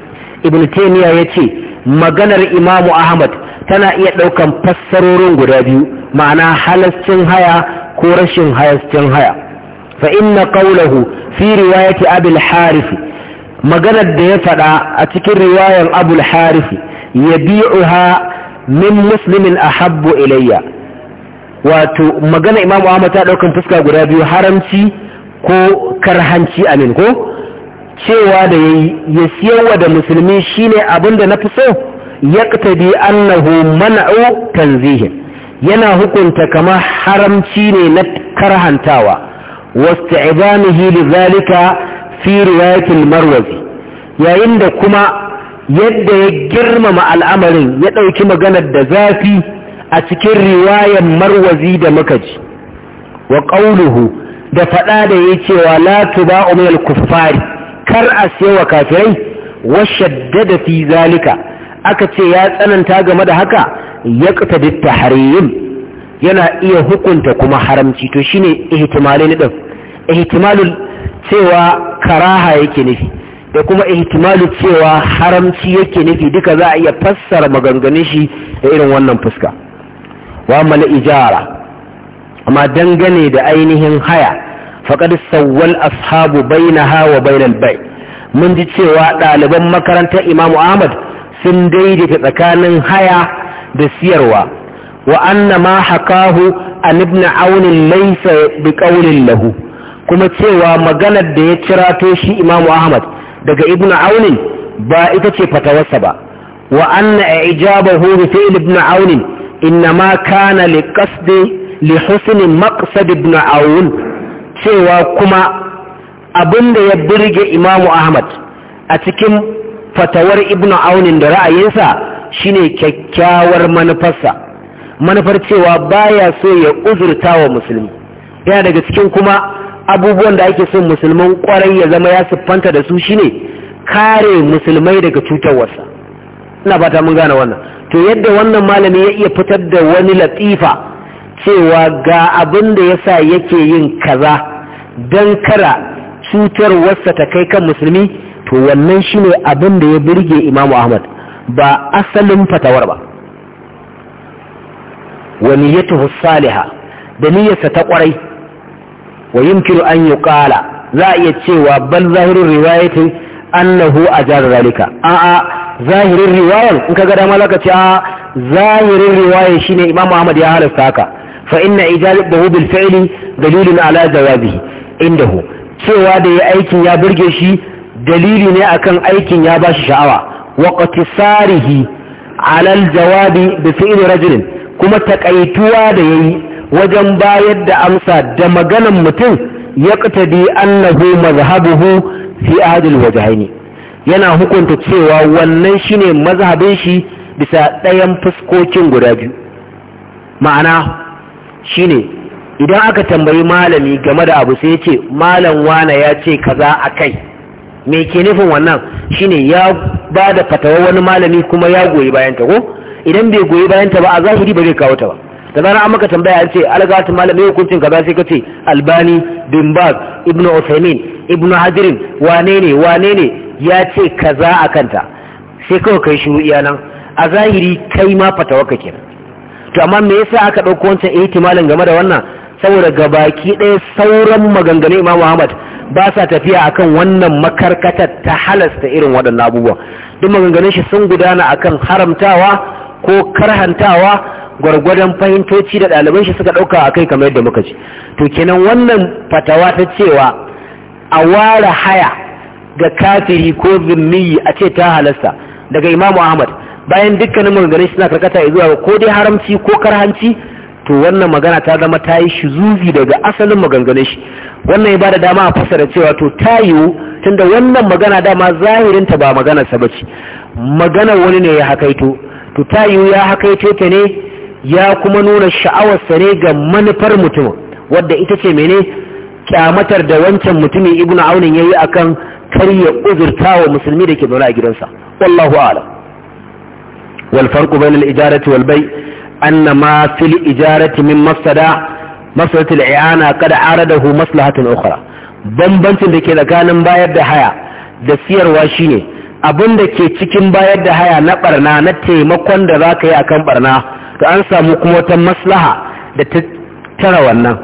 ibn taymiya yace maganar imamu ahmad tana iya ɗaukan fassarorin guda biyu ma'ana halascin haya ko rashin halascin haya fa inna qawluhu fi riwayati abul harith maganar da ya faɗa a cikin riwayan abul harith yabi'uha min muslimin ahabbu ilayya wato magana Imam ahmad ta ɗaukan fuska guda biyu haramci ko karhanci amin ko cewa da yayi ya siyarwa da musulmi shine abinda na fi so yaqtadi annahu man'u tanzih yana hukunta kama haramci ne na karhantawa wasti'damihi lidhalika fi riwayat al-marwazi yayin da kuma yadda ya girmama al'amarin ya dauki maganar da zafi a cikin riwayar marwazi da makaji wa qawluhu da fada da yake cewa la tuba'u min al-kuffari kar a wa kafirai wa shaddada fi zalika aka ce ya tsananta game da haka ya ƙatadi harayyun yana iya hukunta kuma haramci to shine ihtimalin ɗin ihtimalul cewa karaha yake nufi da kuma ihtimalul cewa haramci yake nufi duka za a iya fassara maganganun shi da irin wannan fuska wa mana ijara amma dangane da ainihin haya faƙar sauwal ashabu bainaha wa bainal bai mun ji cewa ɗaliban makarantar imamu ahmad sun daidaita tsakanin haya da siyarwa wa anna ma hakahu an ibn aun laysa bi lahu kuma cewa maganar da ya cirato shi imamu ahmad daga ibn aun ba ita ce fatawarsa ba wa anna ijabahu bi fi ibn aun ma kana li qasdi li husni maqsad ibn aun cewa kuma abinda ya burge Imam ahmad a cikin fatawar ibnu aunin da ra'ayinsa shine kyakkyawar manufarsa manufar cewa baya so ya uzurta wa musulmi yana daga cikin kuma abubuwan da ake son musulman kwarai ya zama ya siffanta da su shine kare musulmai daga cutarwarsa ina fata mun gane wannan to yadda wannan malami ya iya fitar da wani latifa cewa ga abin da yasa yake yin kaza don kara cutarwarsa ta kai kan musulmi to wannan shine abin da ya birge imamu ahmad ba asalin fatawar ba ya niyyatuhu Saliha? da niyyarsa ta kwarai wa yumkinu an ƙala. za iya cewa bal zahirin riwayati annahu ajar zalika a a zahirin riwayar in ga dama zaka ce a zahirin riwaya shine imamu ahmad ya halasta haka fa inna ijazabahu bil fi'li dalilin ala jawabihi indahu cewa da ya aikin ya birge shi dalili ne akan aikin ya bashi sha'awa wa qatisarihi ala aljawabi bi fi'li rajulin kuma takaituwa da yayi wajen bayar da amsa da maganan mutum yaqtadi annahu mazhabuhu fi adil wajhaini yana hukunta cewa wannan shine mazhabin shi bisa ɗayan fuskokin guda biyu ma'ana shine idan aka tambayi malami game da abu sai ya ce malam wane ya ce kaza kai. me ke nufin wannan shine ya ba da fatawa wani malami kuma ya goyi bayanta ko idan bai goyi bayanta ba a zahiri ba zai kawo ta ba da zara an maka tambaya an ce algatu malami hukuncin kaza sai kace albani bin baz ibnu usaimin ibnu hajirin wane ne wane ne ya ce kaza a kanta sai kawai kai shiru iya nan a zahiri kai ma fatawa ka kenan to amma me yasa aka dauko wancan ihtimalin game da wannan saboda gabaki ɗaya sauran maganganun Imam Ahmad ba sa tafiya akan wannan makarkatar ta halasta irin waɗannan abubuwa duk maganganun shi sun gudana akan haramtawa ko karhantawa gwargwadon fahimtoci da ɗaliban shi suka ɗauka a kai kamar yadda muka ci. to kenan wannan fatawa ta cewa a ware haya ga kafiri ko zimmiyi a ce ta halasta daga imamu ahmad bayan dukkanin maganganun shi suna karkata zuwa ko dai haramci ko karhanci to wannan magana ta zama ta yi shizuzi daga asalin maganganun shi wannan ya da dama a fasara cewa to ta yiwu tunda wannan magana dama zahirinta ba maganarsa ba ce maganar wani ne ya hakaito to ta yiwu ya hakaito ta ne ya kuma nuna sha'awarsa ne ga manufar mutumin wadda ita ce mene kyamatar da wancan mutumin ibnu aunin yayi akan karya uzurta wa musulmi da ke zaune a gidansa wallahu a'lam wal bai bainal ijarati wal bai' anna ma fil ijarati min mafsada mafsadatu al-i'ana qad aradahu maslahatun ukhra bambancin da ke tsakanin bayar da haya da siyarwa shine abin da ke cikin bayar da haya na barna na taimakon da za ka yi akan barna to an samu kuma ta maslaha da ta tara wannan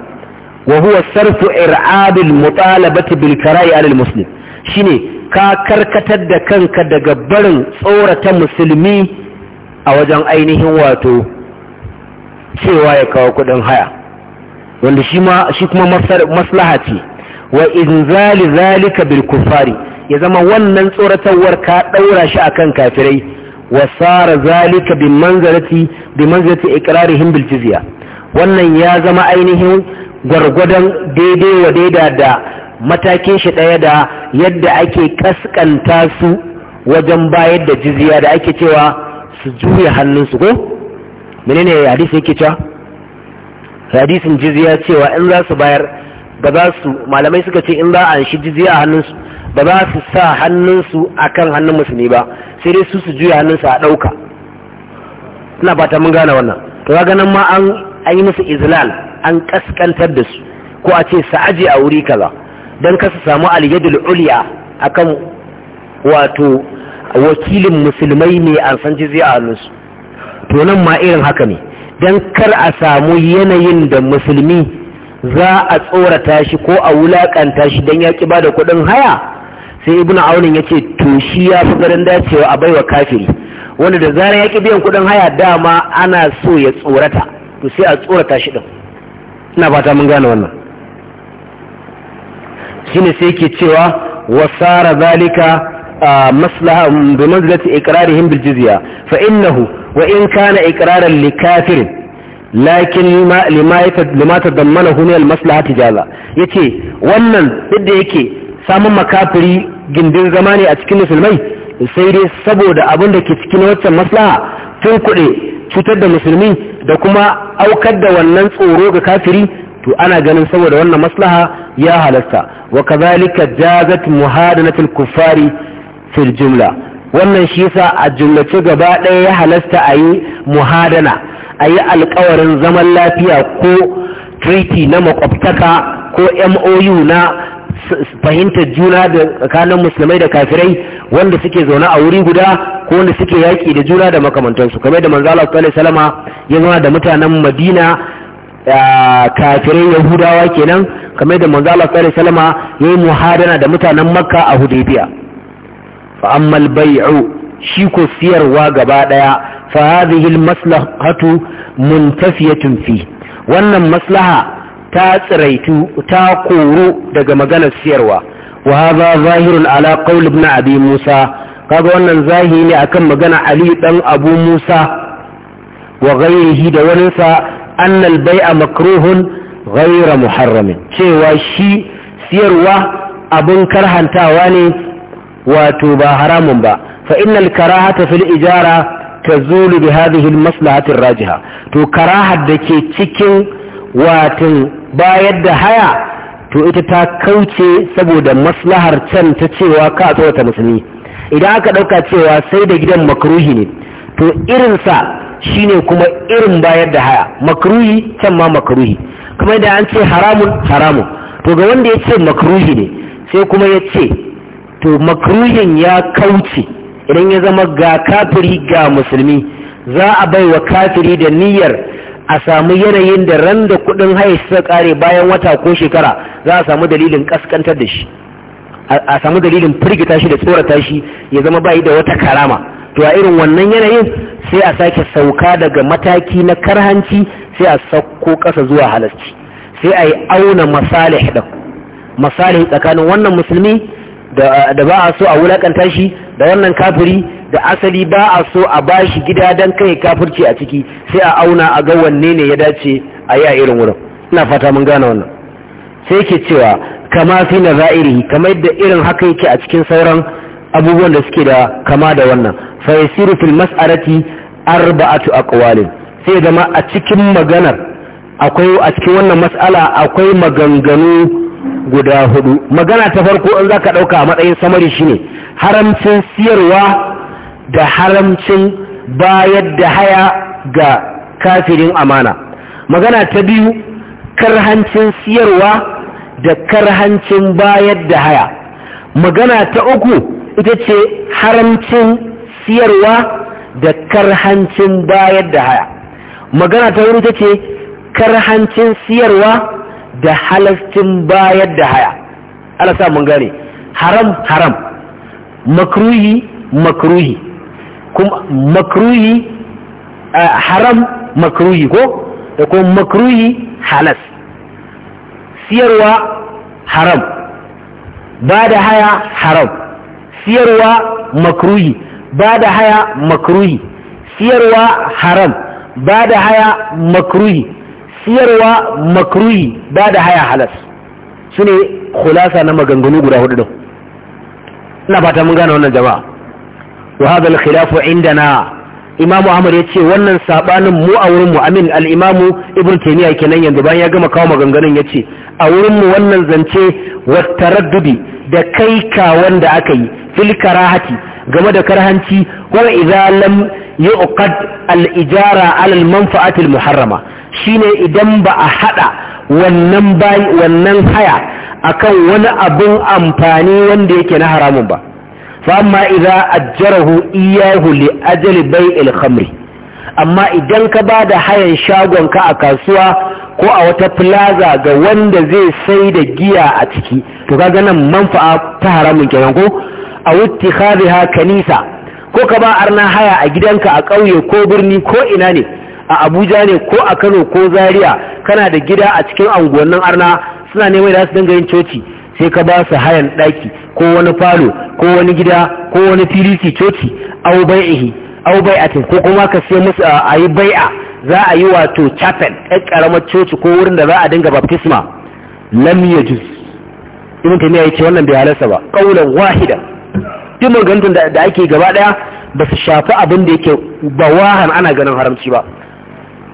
wa huwa sarfu ir'abil mutalabati bil kara'i alal muslim shine ka karkatar da kanka daga barin tsorata musulmi a wajen ainihin wato cewa ya kawo kudin haya wanda shi kuma maslaha ce wa in zali zalika bil kufari ya zama wannan tsoratawar ka daura shi akan kafirai wa sara zalika bi manzalati bi manzarati iqrarihim bil jizya wannan ya zama ainihin gwargwadon daidai wa daida da matakin shi daya da yadda ake kaskanta su wajen bayar da jizya da ake cewa su juya hannunsu ko menene hadisi yake cewa hadisin jizya cewa in za su bayar ba za su malamai suka ce in za a shi jizya a hannunsu ba za su sa hannunsu akan hannun musulmi ba sai dai su su juya hannunsu a ɗauka ina fata mun gane wannan to ga nan ma an yi musu izlal an kaskantar da su ko a ce su aji a wuri kaza don ka su samu aliyadul uliya akan wato wakilin musulmai ne an san jizya a hannunsu to nan ma irin haka ne don kar a samu yanayin da musulmi za a tsorata shi ko a wulakanta shi don ya bada da kuɗin haya sai ibnu aunin ya ce to shi ya fi garin dacewa a baiwa kafiri wanda da zarar ya biyan kuɗin haya dama ana so ya tsorata to sai a tsorata shi din. ina fata mun gane wannan shine sai ke cewa wasara zalika maslaha bi manzilati iqrarihim bil jizya fa innahu wa in kana iqraran li kafir lakin ma lima lima tadammanahu min al maslaha tijaza yace wannan duk da yake samun makafiri gindin zama ne a cikin musulmai sai dai saboda abin da ke cikin wancan maslaha tun kuɗe cutar da musulmi da kuma aukar da wannan tsoro ga kafiri to ana ganin saboda wannan maslaha ya halarta wa kazalika jazat muhadanatul kuffari fil jumla wannan shi yasa a jumlace gaba ɗaya ya halasta a yi muhadana a yi alkawarin zaman lafiya ko treaty na makwabtaka ko MOU na fahimtar juna da tsakanin musulmai da kafirai wanda suke zaune a wuri guda ko wanda suke yaƙi da juna da makamantansu kamar da manzo Allah sallallahu alaihi ya zama da mutanen Madina kafirai Yahudawa kenan kamar da manzo Allah sallallahu alaihi wasallama yayi muhadana da mutanen Makka a Hudaybiya fa ammal bai'u shi ko siyarwa gaba ɗaya. fa hadhihi al maslahatu muntafiyatun fi wannan maslaha ta tsiraitu ta koro daga maganar siyarwa wa hadha zahirun ala qawl ibn abi musa kaga wannan zahiri ne akan magana ali ɗan abu musa wa ghayrihi da waninsa anna al bai'a makruhun ghayra muharramin cewa shi siyarwa abun karhantawa ne wato ba haramun ba fa innal karahata fil ijara tazulu bi hadhihi al maslahati rajiha to karahar da ke cikin watin bayar da haya to ita ta kauce saboda maslahar can ta cewa ka ta musulmi idan aka dauka cewa sai da gidan makruhi ne to irin sa shine kuma irin bayar da haya makruhi can ma makruhi kuma idan an ce haramun haramun to ga wanda ya ce makruhi ne sai kuma ya ce to makruhin ya kauce idan ya zama ga kafiri ga musulmi za a bai wa kafiri da niyyar a samu yanayin da ran da kudin haye su kare bayan wata ko shekara za a samu dalilin kaskantar da shi a samu dalilin firgita shi da tsorata shi ya zama bayi da wata karama to a irin wannan yanayin sai a sake sauka daga mataki na karhanci sai a sauko kasa zuwa halarci sai a yi auna masalih ɗin masalih tsakanin wannan musulmi da ba a so a wulakanta shi da wannan kafiri da asali ba a so a ba shi gida don kai kafirci a ciki sai a auna a ga wanne ne ya dace a yi a irin wurin ina fata mun gane wannan sai ke cewa kama fi na za'iri kamar yadda irin haka yake a cikin sauran abubuwan da suke da kama da wannan fa yasiru fil mas'alati arba'atu aqwalin sai zama a cikin maganar akwai a cikin wannan mas'ala akwai maganganu guda hudu magana ta farko in za ka ɗauka a matsayin samari shi ne haramcin siyarwa da haramcin bayar da haya ga kafirin amana magana ta biyu karhancin siyarwa da karhancin bayar da haya magana ta uku ita ce haramcin siyarwa da karhancin bayar da haya magana ta wuri ita ce karhancin siyarwa da halastin bayar da haya ala sa mun gane haram haram makruhi makruhi kuma makruhi eh, haram makruhi ko da kuma makruhi halas siyarwa haram ba da haya haram siyarwa makruhi ba da haya makruhi siyarwa haram ba da haya makruhi siyarwa makruhi ba da haya halas su ne khulasa na maganganu guda hudu din ina fata mun gane wannan jama'a wa hadha al-khilafu indana imamu ya yace wannan saɓanin mu a wurin mu amin alimamu imamu ibnu taymiya kenan yanzu bayan ya gama kawo maganganun ce a wurin mu wannan zance wa taraddudi da kai ka wanda aka yi fil karahati game da karhanci ko idza lam yuqad al-ijara ala al muharrama shine idan ba a hada wannan bayi wannan haya akan wani abun amfani wanda yake na haramun ba fa amma idza ajjarahu iyahu li ajli bai'il khamri amma idan ka ba da hayan shagon ka a kasuwa ko a wata plaza ga wanda zai sai da giya a ciki to kaga nan manfa'a ta haramun kenan ko a wutti khadiha kanisa ko ka ba arna haya a gidanka a ƙauye ko birni ko ina ne a abuja ne ko a kano ko zaria kana da gida a cikin anguwannin arna suna neman da su dinga yin coci sai ka ba su hayan ɗaki ko wani falo ko wani gida ko wani filisi coci au bai'ihi au bai'atin ko kuma ka sai musu a yi bai'a za a yi wato chapel ɗan ƙaramar coci ko wurin da za a dinga baptisma lam in ka taymiya yake wannan bai halarsa ba qaulan wahida duk magantun da ake gaba daya ba su shafi abin da yake wahan ana ganin haramci ba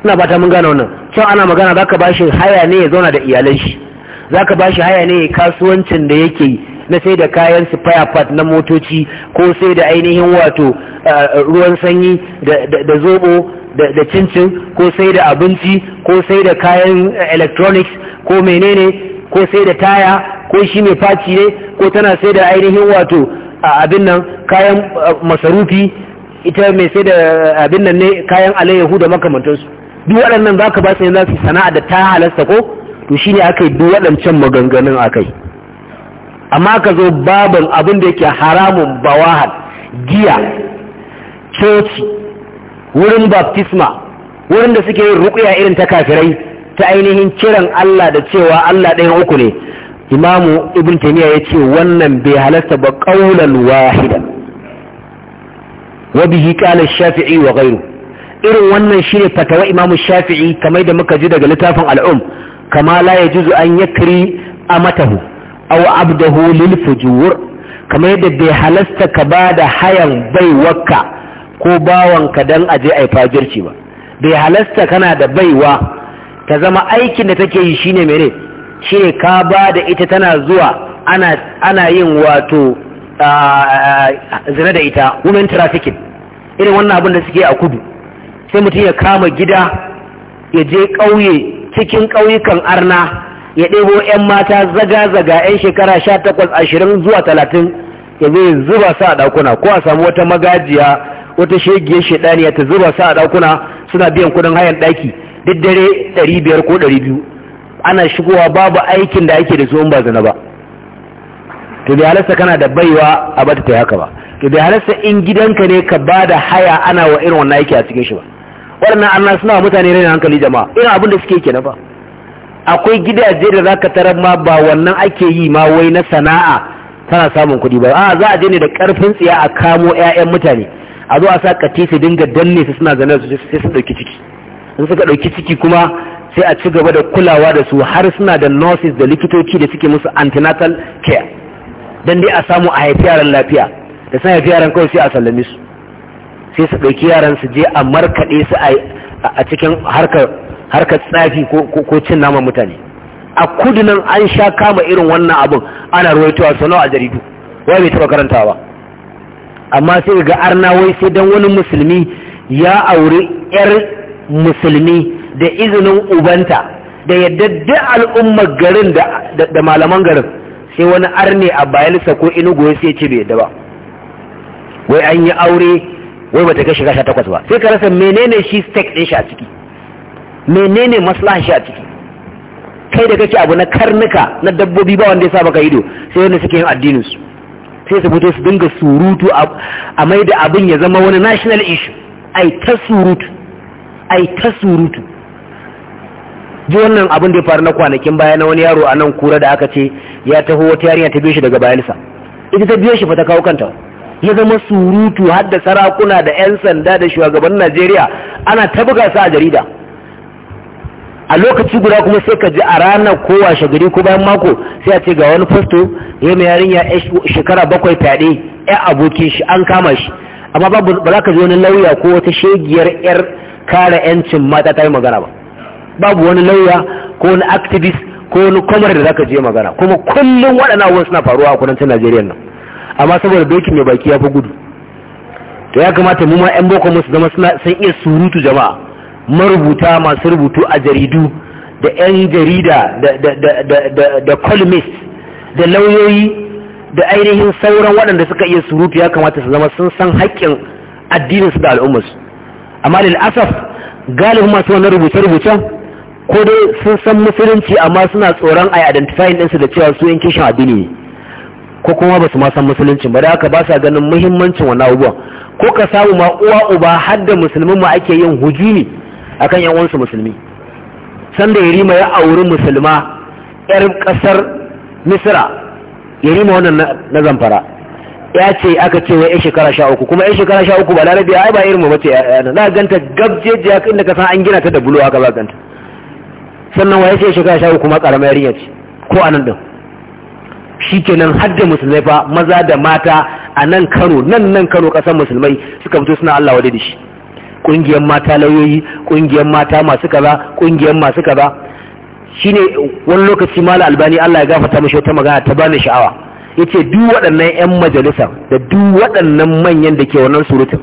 ina ba ta mun gane wannan cewa ana magana za ka ba shi haya ne ya zauna da iyalan shi za ka ba shi haya ne kasuwancin da yake yi na sai da kayan spare part na motoci ko sai da ainihin wato ruwan sanyi da zobo da cincin ko sai da abinci ko sai da kayan electronics ko menene ko sai da taya ko shi mai faci ne ko tana sai da ainihin wato abin nan kayan masarufi ita mai sai da abin nan ne kayan alayyahu da makamantansu duk waɗannan za ka ba su ne su sana'a da ta halasta ko to shi ne aka yi duk waɗancan maganganun aka yi amma ka zo babin abin da yake haramun bawahal giya coci wurin baptisma wurin da suke yin rukuya irin ta kafirai ta ainihin kiran Allah da cewa Allah ɗayan uku ne imamu ibn taymiya ya ce wannan bai halasta ba ƙaunar wahida wa bihi qala shafi'i wa gairu. irin wannan shine fatawa imamu shafi'i kamar da muka ji daga littafin al'um kama la yajuzu an yakri matahu, aw abdahu lil fujur kamar yadda bai halasta ka ba da hayan baiwarka ko bawanka dan aje yi fajirci ba bai halasta kana da baiwa ta zama aikin da take yi shine mene shine ka ba da ita tana zuwa ana ana yin wato zina da ita women trafficking irin wannan abin da suke a kudu sai mutum ya kama gida ya je ƙauye cikin ƙauyukan arna ya ɗebo 'yan mata zaga-zaga 'yan shekara sha takwas ashirin zuwa talatin ya zai zuba su a ɗakuna ko a samu wata magajiya wata shegiyar shaɗaniya ta zuba su a ɗakuna suna biyan kudin hayan ɗaki duk dare ɗari biyar ko ɗari biyu ana shigowa babu aikin da ake da su ba zina ba to bai halasta kana da baiwa a bata ta haka ba to bai halasta in gidanka ne ka ba da haya ana wa irin wannan aiki a cikin shi ba waɗannan annan suna mutane ne hankali jama'a irin abin da suke na fa akwai gidaje da za ka tarar ma ba wannan ake yi ma wai na sana'a tana samun kuɗi ba a za a je ne da ƙarfin tsiya a kamo yayan mutane a zo a sa kati su dinga danne su suna zanen su sai su ɗauki ciki in suka ɗauki ciki kuma sai a ci gaba da kulawa da su har suna da nurses da likitoci da suke musu antenatal care dan dai a samu a haifi yaran lafiya da san haifi yaran kawai sai a sallame su sai su ɗauki yaran su je a markaɗe su a cikin harkar tsafi ko cin naman mutane a kudu nan an sha kama irin wannan abin ana ruwaitowa sau a jaridu wai bai taɓa ba amma sai ga arna wai sai don wani musulmi ya auri 'yar musulmi da izinin ubanta da yadda da al'ummar garin da malaman garin sai wani arne a bayelsa ko inugu ya sai ce bai yadda ba wai an yi aure wai bata kai shiga sha takwas ba sai ka rasa menene shi stake ɗin shi a ciki menene maslahar shi a ciki kai da kake abu na karnuka na dabbobi ba wanda ya sa maka ido sai wanda suke yin addinin su sai su fito su dinga surutu a mai da abin ya zama wani national issue ai ta surutu ai ta surutu ji wannan abin da ya faru na kwanakin baya na wani yaro a nan kura da aka ce ya taho wata yarinya ta biyo shi daga bayansa ita ta biyo shi fa ta kawo kanta ya zama surutu har da sarakuna da 'yan sanda da shugaban najeriya ana buga su a jarida a lokaci guda kuma sai ka ji a ranar ko washe ko bayan mako sai a ce ga wani fasto ya mai yarinya shekara bakwai fyaɗe ya abokin shi an kama shi amma ba za ka ji wani lauya ko wata shegiyar 'yar kare 'yancin mata ta yi magana ba babu wani lauya ko wani activist ko wani kwamar da za ka je magana kuma kullum waɗannan abubuwan suna faruwa a kudancin najeriya nan amma saboda dokin mai baki ya fi gudu to ya kamata mu ma 'yan boko musu zama san iya surutu jama'a marubuta masu rubutu a jaridu da 'yan jarida da columnist da lauyoyi da ainihin sauran waɗanda suka iya surutu ya kamata su zama sun san haƙƙin addininsu da su amma da asaf galibin masu wannan rubuce-rubucen ko dai sun san musulunci amma suna tsoron a identifying ɗinsu da cewa su yankin shan addini ne ko kuma ba su ma san musuluncin ba da haka ba sa ganin muhimmancin wani abubuwan ko ka samu ma uwa uba har da musulmin ma ake yin hujumi akan yan uwansu musulmi sanda yarima ya auri musulma yar kasar misra yarima wannan na zamfara ya ce aka ce wai shekara sha uku kuma yan shekara sha uku ba larabi ai ba irin mu bace yana za ganta gabjejiya inda ka san an gina ta da bulo haka ba ganta sannan wai ya ce shekara sha uku ma karamar yarinya ce ko anan din Shi shikenan hadda musulmai fa maza da mata a nan Kano nan nan Kano kasar musulmai suka fito suna Allah wade da shi kungiyar mata lauyoyi kungiyar mata masu kaza kungiyar masu kaza shine wani lokaci mala albani Allah ya gafarta mishi wata magana ta bani sha'awa yace duk waɗannan ƴan majalisa da duk waɗannan manyan da ke wannan surutun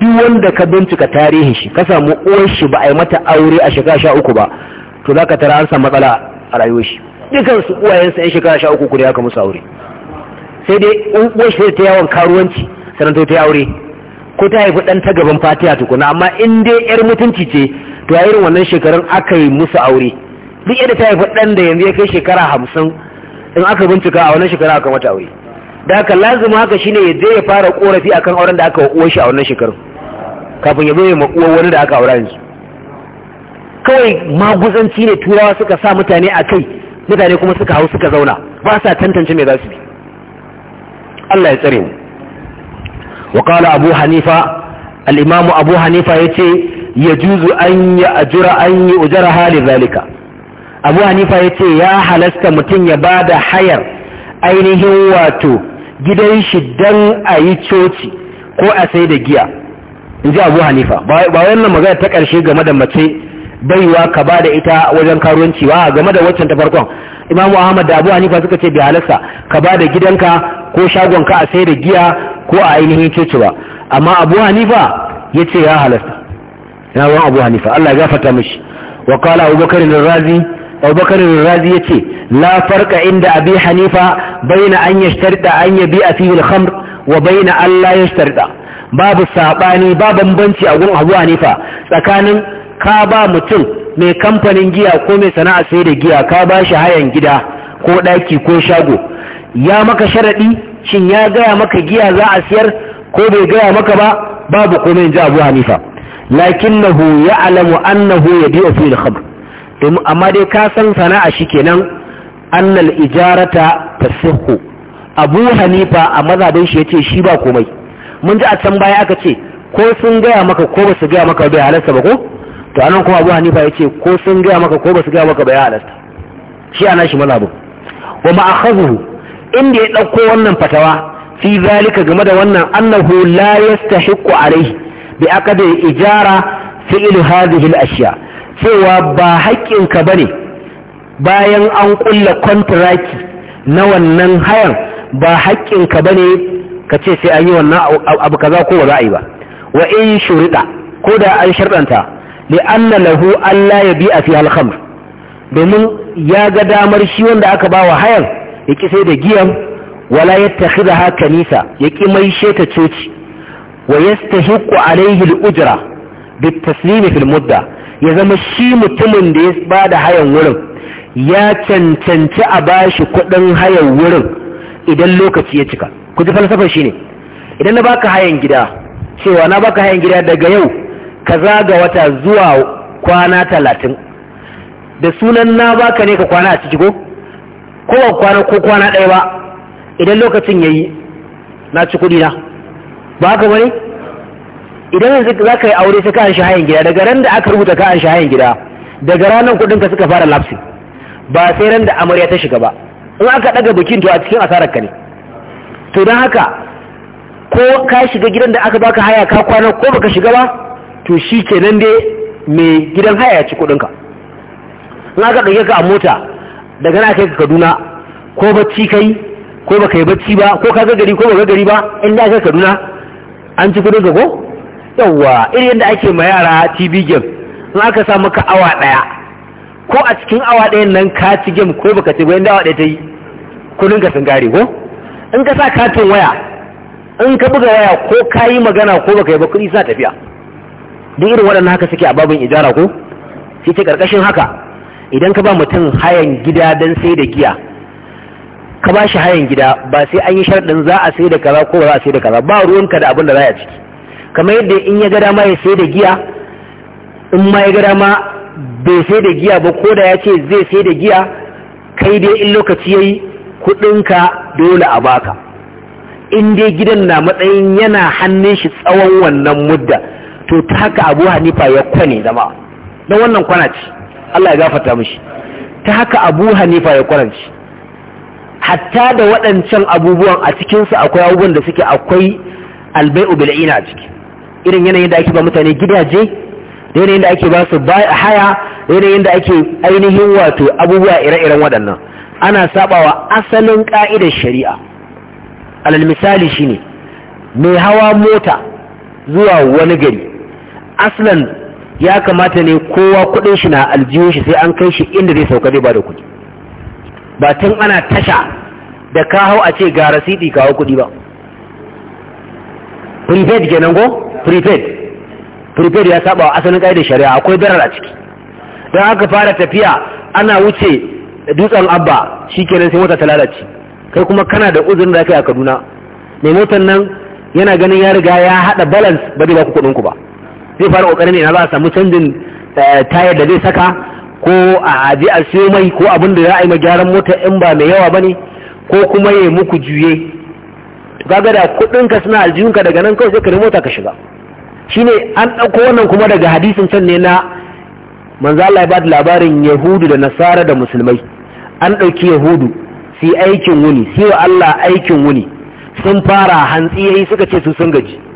duk wanda ka bincika tarihin shi ka samu uwar shi ba a yi mata aure a shekara sha uku ba to zaka tara an samu matsala a rayuwar shi dukansu uwayensa yan shekara sha uku kudu ya musu aure sai dai uwar shi ta yawon karuwanci sannan ta yi aure ko ta haifi ɗan ta gaban fatiya tukuna amma in dai yar mutunci ce to a irin wannan shekarun aka yi musu aure duk yadda ta haifi ɗan da yanzu ya kai shekara hamsin in aka bincika a wannan shekara aka mata aure da haka lazima haka shine ya je ya fara korafi akan auren da aka uwar shi a wannan shekarun kafin ya zo ya makuwa wani da aka aura yanzu kawai maguzanci ne turawa suka sa mutane a kai mutane kuma suka hau suka zauna ba sa tantance mai za bi Allah ya tsare mu wa qala abu hanifa al abu hanifa yace yajuzu an ya ajra an yi ujra hali zalika abu hanifa yace ya halasta mutun ya bada hayar ainihin wato gidan shi dan ayi coci ko a sai da giya inji abu hanifa ba wannan magana ta karshe game da mace baiwa ka ba da ita wajen karuwanci wa game da waccan ta farkon imamu ahmad da abu hanifa suka ce bi halarsa ka ba da gidanka ko shagonka a sai da giya ko a ainihin coci ba amma abu hanifa ya ce ya halasta ya ruwan abu hanifa allah ya gafarta mashi wa kala abubakar razi abubakar razi ya ce la farka inda abi hanifa baina an yashtarda an yabi a fihi al-khamr wa baina allah ya yashtarda babu saɓani ba bambanci a gurin abu hanifa tsakanin ka ba mutum mai kamfanin giya ko mai sana'a sai da giya ka ba shi hayan gida ko ɗaki ko shago ya maka sharaɗi shin ya gaya maka giya za a siyar ko bai gaya maka ba babu komai ji abu hanifa lakinnahu ya alamu annahu ya biyo fi alkhamr amma dai ka san sana'a shi kenan annal ijarata tasihhu abu hanifa a mazhabin shi ya ce shi ba komai mun ji a can baya aka ce ko sun gaya maka ko ba su gaya maka bai halarsa ba ko to anan kuma abu hanifa ya ce ko sun gaya maka ko ba su gaya maka ba ya shi ana shi mazhabin wa ma'akhazuhu inda ya ɗauko wannan fatawa fi zalika game da wannan annahu la yastahiqu alayhi bi aqdi ijara fi'l hadhihi al-ashya cewa ba haƙƙin ka bane bayan an ƙulla kontraki na wannan hayan ba haƙƙin ka bane ka ce sai an yi wannan abu kaza ko ba za a yi ba wa in shurida ko da an sharɗanta li'anna lahu Allah ya bi a fi alhamr domin ya ga damar shi wanda aka ba wa hayan ya ƙi sai da giyan wala ya tafi da haka nisa ya ki mai sheta coci wa ya stahiku alaihi al'ujira bi fil mudda ya zama shi mutumin da ya ba da hayan wurin ya cancanci a bashi kuɗin hayan wurin idan lokaci ya cika kuje falsafar idan na baka hayan gida cewa na baka hayan gida daga yau kaza ga wata zuwa kwana talatin da sunan na baka ne ka kwana a ciki ko ko kwana ko kwana ɗaya ba idan lokacin ya yi na ci kuɗi na ba haka wani idan yanzu za ka yi aure sai ka an shahayin gida daga ran da aka rubuta ka an shahayin gida daga ranar kudin ka suka fara lapsi ba sai ran da amarya ta shiga ba in aka ɗaga bikin to a cikin asarar ka ne to don haka ko ka shiga gidan da aka baka haya ka kwana ko baka shiga ba to shi ke nan dai mai gidan haya ya ci kudinka na ka ɗauke ka a mota daga na kai ka kaduna ko bacci kai ko baka yi bacci ba ko ka gari ko baka gari ba in da kai kaduna an ci kudinka ko yawwa irin yadda ake ma yara tv game na ka sa maka awa ɗaya ko a cikin awa ɗayan nan ka ci game ko baka ci ba inda awa ɗaya ta yi kudinka sun gare ko in ka sa katin waya in ka buga waya ko ka yi magana ko baka yi ba kudi sa tafiya duk irin waɗannan haka suke a babin ijara ko sai ce ƙarƙashin haka idan ka ba mutum hayan gida don sai da giya ka ba shi hayan gida ba sai an yi sharɗin za a sai da kaza ko za a sai da kaza ba ruwanka da abin da za a ciki kamar yadda in ya ga dama ya sai da giya in ma ya ga dama bai sai da giya ba ko da ya ce zai sai da giya kai dai in lokaci ya yi kuɗinka dole a baka in dai gidan na matsayin yana hannun shi tsawon wannan mudda to ta haka abu hanifa ya kwane zama don wannan kwana ce Allah ya gafata mishi ta haka abu hanifa ya kwananci hatta da waɗancan abubuwan a cikinsu akwai abubuwan da suke akwai albai ubila'ina a ciki irin yanayin da ake ba mutane gidaje da yanayin da ake ba su haya da yanayin da ake ainihin wato abubuwa ire-iren waɗannan ana sabawa asalin ƙa'idar shari'a alal misali shine mai hawa mota zuwa wani gari aslan ya kamata ne kowa kudin shi na aljihun shi sai an kai shi inda zai sauka zai ba da kudi ba tun ana tasha da ka hau a ce ga rasidi kawo kudi ba prepaid kenan go prepaid prepaid ya saba wa asalin da shari'a akwai darar a ciki don aka fara tafiya ana wuce dutsen abba shi kenan sai mota ta lalace kai kuma kana da uzurin da kai a kaduna mai motan nan yana ganin ya riga ya haɗa balance ba zai ba ku ku ba zai fara kokarin ina za a samu canjin eh, tayar da zai saka ko a aji a siyo mai ko abin da za a yi gyaran mota in ba mai yawa bane ko kuma ya muku juye kaga da kudin ka suna aljihunka daga nan kawai sai ka mota ka shiga shine an dauko wannan kuma daga hadisin can ne na manzo Allah ya da labarin yahudu da nasara da musulmai an ɗauki yahudu su aikin wuni su Allah aikin wuni sun fara hantsi yayi suka ce su sun gaji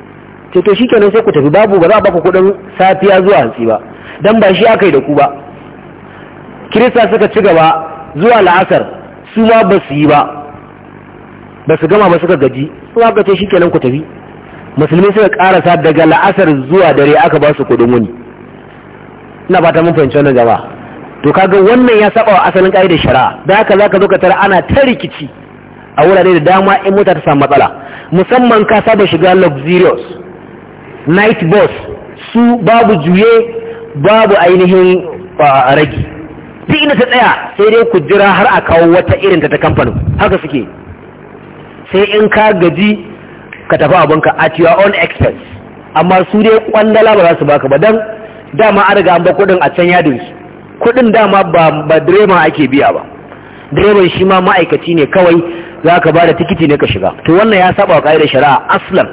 ce to shikenan sai ku tafi babu ba za a baku kudin safiya zuwa hantsi ba dan ba shi aka yi da ku ba kirista suka ci gaba zuwa la'asar su ma ba su yi ba ba su gama ba suka gaji su aka ce shikenan ku tafi musulmi suka karasa daga la'asar zuwa dare aka ba su kudin wuni ina fata mun fahimci wannan gaba to kaga wannan ya saba wa asalin ka'idar shari'a da haka zaka zo ka tara ana ta rikici a wurare da dama in mota ta samu matsala musamman ka saba shiga luxurious night bus su babu juye babu ainihin ragi duk inda ta tsaya sai dai ku jira har a kawo wata irin ta ta kamfanin haka suke sai in ka gaji ka tafi abinka at your own expense amma su dai kwandala ba za su baka ba don dama an riga an ba kudin a can yadin su kudin dama ba direba ake biya ba direban shi ma ma'aikaci ne kawai za ka ba da tikiti ne ka shiga to wannan ya saba wa ka'idar shari'a aslan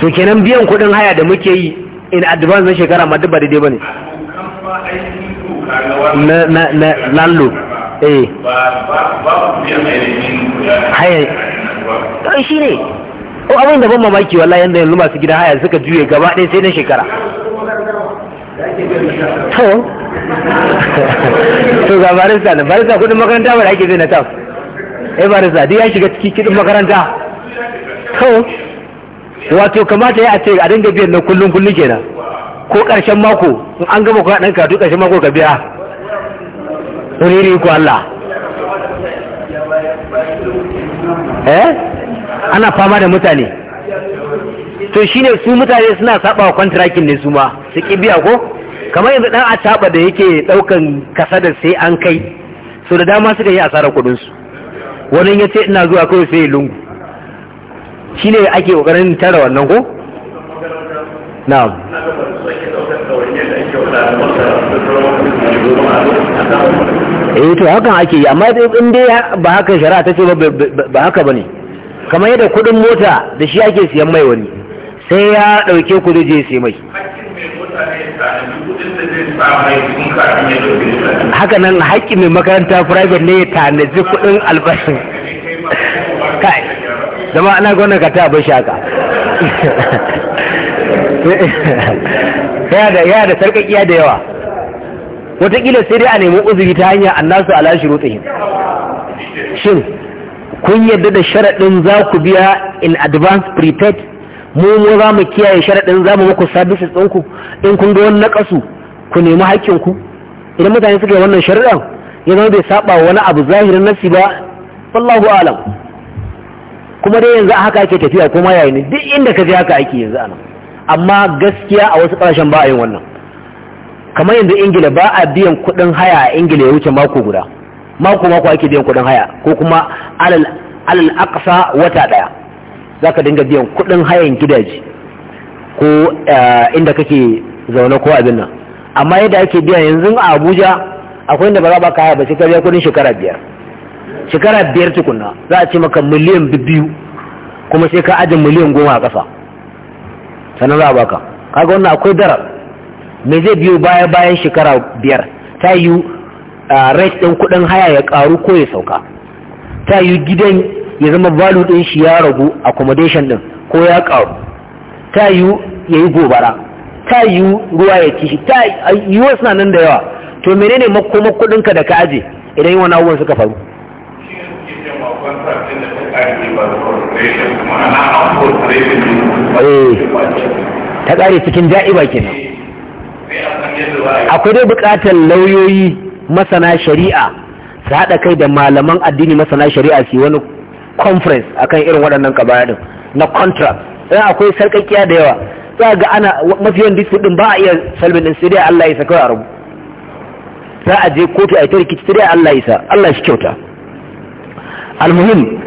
to kenan biyan kudin haya da muke yi in advance na shekara ma duk ba daidai bane na na na lallo eh haya kai shine ko abin da ban mamaki wallahi yanda yanzu masu gida haya suka juye gaba ɗaya sai na shekara to to ga barista na barista kudin makaranta ba da ake zai na taf eh barista duk ya shiga cikin kudin makaranta kawai wato kamata ya ce a dinga biyan na kullum kullum kenan ko ƙarshen mako in an gama kuwa ɗan karatu ƙarshen mako ka biya ne ku Allah eh ana fama da mutane to shine su mutane suna saba wa kwantirakin ne su ma su ki biya ko kamar yanzu dan acaba da yake daukan kasadar sai an kai so da dama suka yi asarar kuɗinsu, wani ya ce ina zuwa kawai sai lungu shi ne ake kokarin tara wannan ko na'am eh to hakan ake yi amma in dai ba haka shari'a ta ce ba haka bane kamar yadda kudin mota da shi ake siyan mai wani sai ya dauke ku je sai mai haka nan haƙƙi mai makaranta private ne ya tanaji kudin albashin zama ana gona ka ta abin shaka yana da sarƙaƙiya da yawa wataƙila sai dai a nemi uzuri ta hanyar annasu ala shurutihim shin kun yadda da sharaɗin za ku biya in advance prepaid mu mu za mu kiyaye sharaɗin za mu muku services ɗinku in kun ga wani naƙasu ku nemi haƙƙinku idan mutane suka yi wannan sharaɗin ya zama bai saɓa wani abu zahirin nasi ba wallahu alam kuma dai yanzu haka ake tafiya kuma yayin duk inda ka je haka ake yanzu anan amma gaskiya a wasu ƙasashen ba a yin wannan kamar yanzu ingila ba a biyan kuɗin haya a ingila ya wuce mako guda mako mako ake biyan kuɗin haya ko kuma alal aqsa wata daya zaka dinga biyan kuɗin hayan gidaje ko eh, inda kake zaune ko abin nan amma yadda ake biya yanzu a Abuja akwai inda ba za ba ka haya ba sai ka biya kuɗin shekara biyar shekara biyar tukuna za a ce maka miliyan biyu kuma sai ka ajin miliyan goma a ƙasa sannan za a baka kaga wannan akwai darar me zai biyo baya bayan shekara biyar ta yi rate ɗin kuɗin haya ya ƙaru ko ya sauka ta yi gidan ya zama value ɗin shi ya ragu accommodation ɗin ko ya ƙaru ta yi ya yi gobara ta yi ruwa ya ci ta yi wasu nan da yawa to menene makomar kuɗinka da ka aje idan yi wani abubuwan suka faru Eh, ta ƙare cikin ja'iba kenan akwai dai buƙatar lauyoyi masana shari'a su haɗa kai da malaman addini masana shari'a su wani conference akan irin waɗannan ƙabarin na contract ɗan akwai sarƙaƙiya da yawa za ga ana mafiyan dispute ɗin ba a iya salmin ɗin sai dai Allah ya saka a rabu za a je kotu a yi ta rikici sai dai Allah ya sa Allah shi kyauta almuhim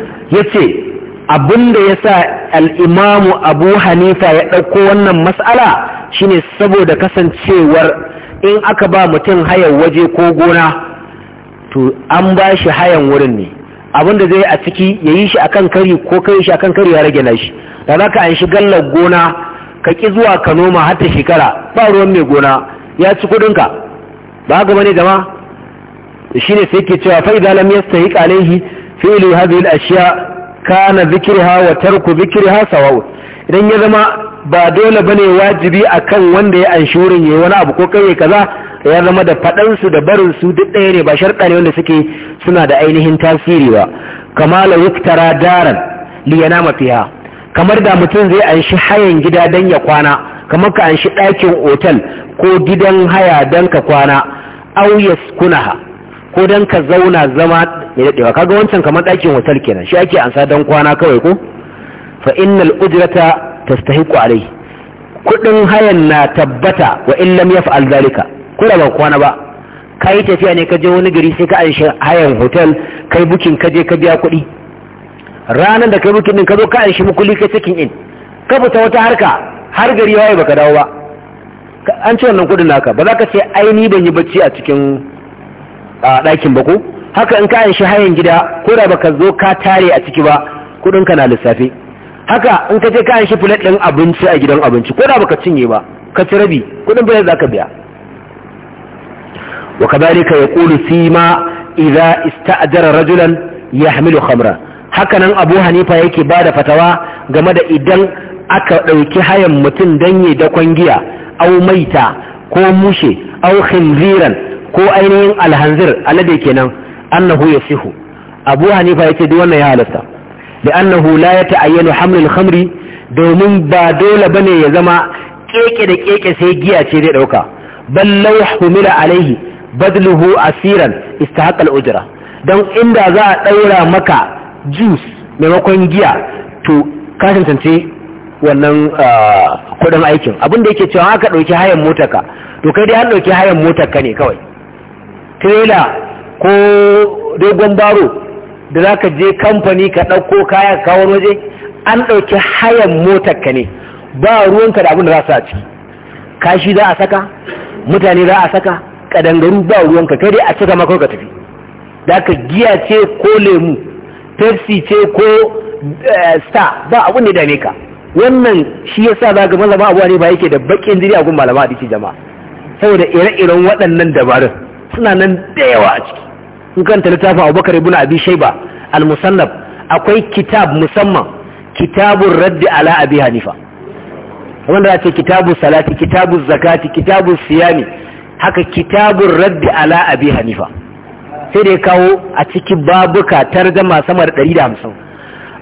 ce. da ya sa al'imamu abu hanifa ya ɗauko wannan matsala shine saboda kasancewar in aka ba mutum hayan waje ko gona to an ba shi hayan wurin ne da zai a ciki ya yi shi a kan kari ko kai shi a kan kari ya rage na da za ka an shi gallar gona ka ƙi zuwa ka noma hata shekara ba ruwan mai gona ya ci kudinka ba ga bane jama shi ne sai ke cewa fa'idalam ya sahi ƙalaihi fi'ilu hadhihi al-ashya kana zikirha wa tarku zikirha sawa'u idan ya zama ba dole bane wajibi akan wanda ya anshi wurin yayi wani abu ko kai kaza ya zama da fadan su da barin su duk ɗaya ne ba sharɗa ne wanda suke suna da ainihin tasiri ba kama yuktara daran li yanama fiha kamar da mutum zai anshi hayan gida dan ya kwana kamar ka anshi ɗakin otal ko gidan haya dan ka kwana aw yaskunaha ko dan ka zauna zama mai daɗewa kaga wancan kamar ɗakin hotel kenan shi ake ansa dan kwana kawai ko fa innal ujrata tastahiqu alai kudin hayan na tabbata wa in lam yaf'al zalika ko da ba kwana ba kai tafiya ne ka je wani gari sai ka anshi hayan hotel kai bukin ka je ka biya kuɗi ranar da kai bukin din ka zo ka anshi mukulli ka cikin in ka fita wata harka har gari yayi baka dawo ba an ce wannan kudin naka ba za ka ce ai ni ban yi bacci a cikin a ɗakin ba ko haka in ka shi hayan gida ko da baka zo ka tare a ciki ba kudin ka na lissafi haka in ka je ka shi plate ɗin abinci a gidan abinci ko da baka cinye ba ka ci rabi kudin za zaka biya wa kadhalika yaqulu sima idza ista'jara rajulan yahmilu khamra haka nan Abu Hanifa yake ba da fatawa game da idan aka ɗauki hayan mutum danye da kwangiya au maita ko mushe au khinziran ko ainihin alhanzir alade kenan annahu ya yasihu abu hanifa yace duk wannan ya halasta da annahu la ya yata'ayyanu hamlul khamri domin ba dole bane ya zama keke da keke sai giya ce zai dauka bal law humila alaihi badluhu asiran istahaqal ujra dan inda za a daura maka juice maimakon giya to ka tantance wannan kudin aikin abinda yake cewa haka dauki hayan motarka to kai dai an dauki hayan motarka ne kawai trela ko dogon baro da za ka je kamfani ka ɗauko kaya kawo waje an ɗauki hayan motar ka ne ba ruwanka da abin da za su a ciki kashi za a saka mutane za a saka ƙadangaru ba ruwanka kai dai a cika maka ka tafi da ka giya ce ko lemu pepsi ce ko eh, star ba abin da dame ka wannan shi ya sa za ga malama abuwa ne ba yake da bakin jiri a gun malama a jama'a saboda ire-iren waɗannan dabarun suna nan da yawa a ciki in kanta littafin abubakar ibn abi shaiba al-musannaf akwai kitab musamman kitabun raddi ala abi hanifa wanda za ce kitabun salati kitabun zakati kitabun siyami haka kitabun raddi ala abi hanifa sai da ya kawo a ciki babuka tarjama sama da 150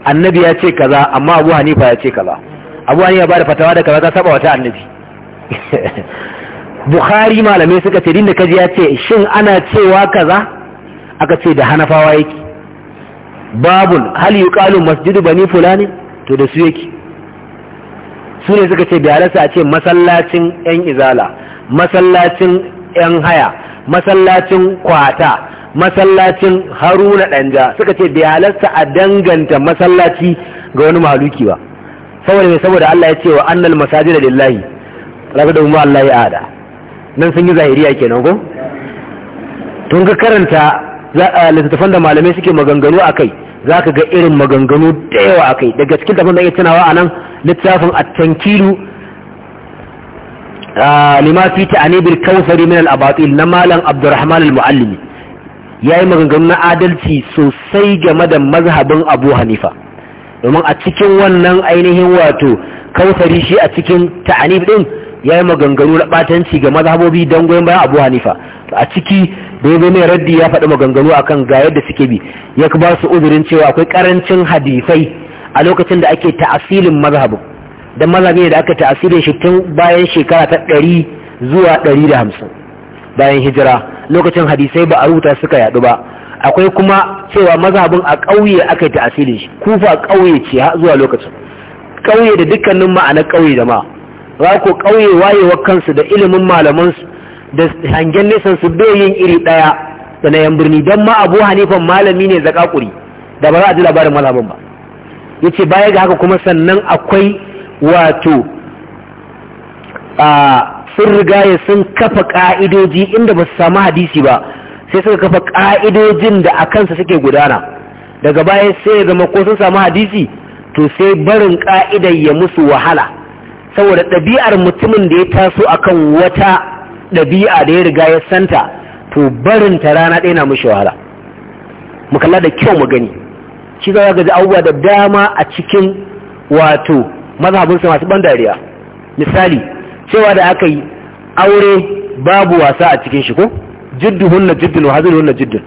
annabi ya ce kaza amma abu hanifa ya ce kaza abu hanifa ba da fatawa da kaza ta saba wata annabi bukhari malamai suka ce dinda kaji ya ce shin ana cewa kaza aka ce da hanafawa yake babun hal yuqalu masjidu bani fulani to da su yake su ne suka ce biyalarsa a ce masallacin 'yan izala masallacin 'yan haya masallacin kwata masallacin haruna Danja, suka ce biyalarsa a danganta masallaci ga wani maluki ba saboda saboda Allah ya ce wa annal masajida lillahi rabu Allah ya ada nan sun yi zahiriya kenan ko tun ka karanta littattafan da malamai suke maganganu a kai za ka ga irin maganganu da yawa a kai daga cikin tafin da ya tunawa a nan littafin a tankilu limafi ta anibir kawsari min al-abatil na malam abdurrahman al-mu'allimi ya yi maganganu na adalci sosai game da mazhabin abu hanifa domin a cikin wannan ainihin wato kawsari shi a cikin ta'anib din ya yi maganganu na batanci ga mazhabobi don goyon bayan abu hanifa a ciki da ya mai raddi ya faɗi maganganu a kan ga yadda suke bi ya ba su uzurin cewa akwai ƙarancin hadisai a lokacin da ake ta'asilin mazhabin don mazhabi da aka ta'asilin shi tun bayan shekara ta ɗari zuwa ɗari da hamsin bayan hijira lokacin hadisai ba a rubuta suka yaɗu ba akwai kuma cewa mazhabin a ƙauye aka yi ta'asilin shi kufa ƙauye ce zuwa lokacin ƙauye da dukkanin ma'anar ƙauye da ma za ku kauye wayewar kansu da ilimin malamansu da hangen nesan su bai yin iri ɗaya da na birni don ma abu hanifan malami ne kuri da ba za a ji labarin malamin ba ya baya ga haka kuma sannan akwai wato a sun ya sun kafa ka'idoji inda ba su samu hadisi ba sai suka kafa ka'idojin da a kansa suke gudana daga baya sai ya zama ko sun samu hadisi to sai barin ka'idar ya musu wahala saboda ɗabi'ar mutumin da ya taso akan wata ɗabi'a da ya riga ya santa to barin ta rana ɗaya na mushi wahala mu kalla da kyau mu gani shi za ga abubuwa da dama a cikin wato mazhabinsa masu ban dariya misali cewa da aka yi aure babu wasa a cikin shi ko na jiddun wa haziruhunna jiddun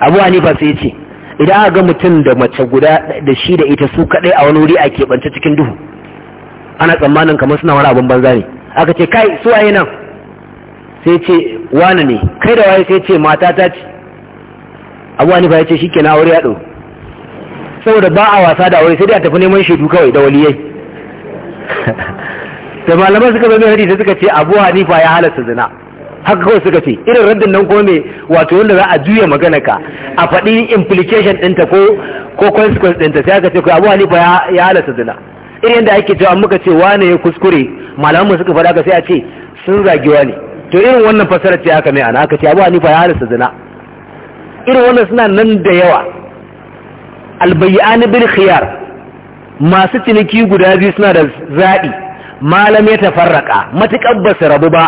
abu hanifa sai ce idan aka ga mutum da mace guda da shi da ita su kaɗai a wani wuri a keɓance cikin duhu ana tsammanin kamar suna wani abin banza ne aka ce kai su waye nan sai ce wani ne kai da waye sai ce mata ta ce abu wani ba ya ce shi ke na aure ya ɗau saboda ba a wasa da aure sai dai a tafi neman shaidu kawai da waliyai da malaman suka zo mai hadisi suka ce abu ba ya halasta zina haka kawai suka ce irin raddin nan ko ne wato wanda za a juya magana ka a faɗi implication ɗinta ko ko consequence ɗinta sai aka ce abuwa abu ba ya halasta zina irin yadda ake cewa muka ce wane ya kuskure malamu suka faɗa ka sai a ce sun zagi wani to irin wannan fasara ce aka mai ana aka ce abu hanifa ya halasta zina irin wannan suna nan da yawa albayyan bil khiyar masu ciniki guda biyu suna da zaɗi. malam ya tafarraka matuƙar ba su rabu ba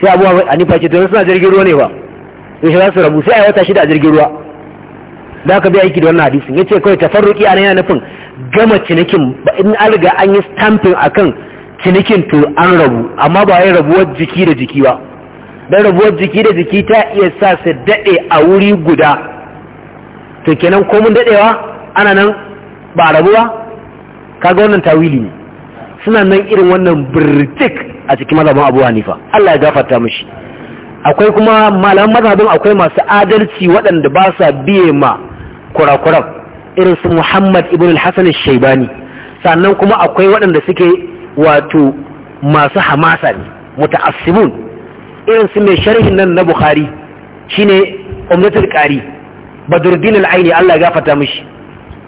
sai abu hanifa ce to suna jirgin ruwa ne ba yaushe za su rabu sai a wata shida a jirgin ruwa da aka bi aiki da wannan hadisin yace kawai tafarruki a nan yana nufin gama cinikin in alga an yi stamping kan cinikin to an rabu amma ba yin rabuwar jiki da jiki ba don rabuwar jiki da jiki ta iya sa su daɗe a wuri guda to kenan komin daɗewa ana nan ba rabuwa kaga wannan tawili ne suna nan irin wannan birtik a cikin mazhabin abu hanifa Allah ya gafarta mashi. akwai kuma malaman mazabin akwai masu adalci waɗanda ba sa biye ma kurakuran irin su Muhammad ibn al-Hasan shaibani sannan kuma akwai waɗanda suke wato masu hamasa ne muta'assimun irin su mai sharhin nan na Bukhari shine Umratul Qari Badruddin al-Aini Allah ya gafarta mishi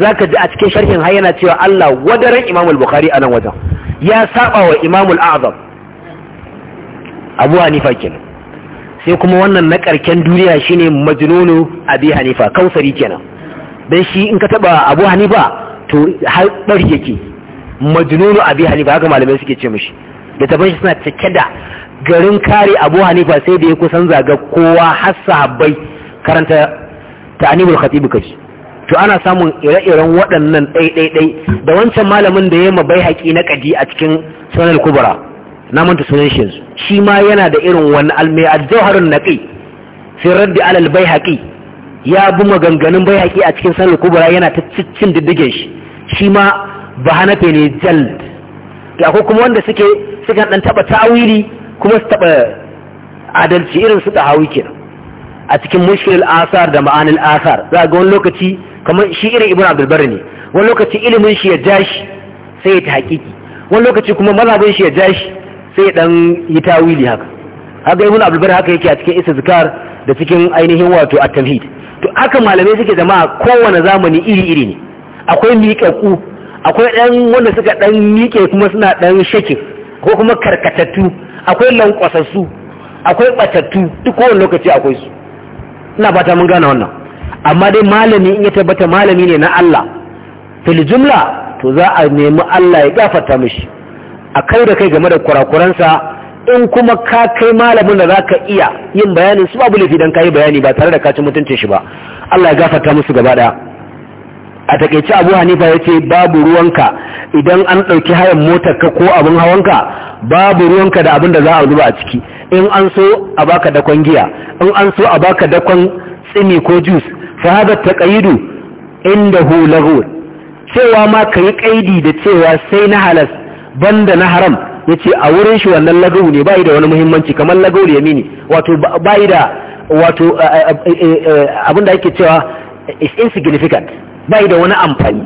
zaka ji a cikin sharhin har yana cewa Allah wadaran Imam al-Bukhari anan wajen ya saba wa Imam al-Azam Abu Hanifa kenan sai kuma wannan na karken duniya shine majnunu Abi Hanifa kausari kenan don shi in ka taba abu hanifa to har bari yake majnunu abi hanifa haka malamai suke ce mashi da taban shi suna cike da garin kare abu hanifa sai da ya kusan zaga kowa har sahabbai karanta ta'anibul khatib kaji to ana samun ire-iren waɗannan ɗaiɗaiɗai da wancan malamin da ya ma bai haƙi na ƙadi a cikin sunan kubra na manta sunan shi shi ma yana da irin wani almai jauharin naƙi sirar da alal bai haƙi ya bi maganganun bayaƙi a cikin sanar kubura yana ta cin diddigin shi shi ma ba hanafe ne jald da ko kuma wanda suke suka dan taba tawili kuma su taba adalci irin su da hawi kenan a cikin mushkil asar da ma'anil asar za ga wani lokaci kamar shi irin ibnu abdul bar ne wani lokaci ilimin shi ya jashi sai ya ta hakiki wani lokaci kuma mazhabin shi ya jashi sai ya dan yi tawili haka haka ibnu abdul bar haka yake a cikin istizkar da cikin ainihin wato at tawhid to aka malamai suke jama'a kowane zamani iri-iri ne akwai miƙaƙu akwai ɗan wanda suka ɗan miƙe kuma suna ɗan shakin ko kuma karkatattu akwai lankwasassu akwai ɓatattu duk kowane lokaci akwai su ina fata mun gane wannan amma dai malami in ya tabbata malami ne na Allah fil jumla to za a nemi Allah ya gafarta mishi a kai da kai game da kurakuransa in kuma ka kai malamin da zaka iya yin bayanin su babu laifi ka yi bayani ba tare da ka ci mutuncin shi ba Allah ya gafarta musu gaba daya a takeice Abu Hanifa yace babu ruwanka idan an ɗauki hayan motar ka ko abin hawanka babu ruwanka da abin da za a zuba a ciki in an so a baka dakon giya in an so a baka dakon tsini ko juice fa hada taqayidu indahu lahu cewa ma kai kaidi da cewa sai na halas banda na haram ya ce a wurin shi wannan lagau ne bayi da wani muhimmanci kamar lagawul yamini wato bayi da wato abin ake cewa is insignificant bayi da wani amfani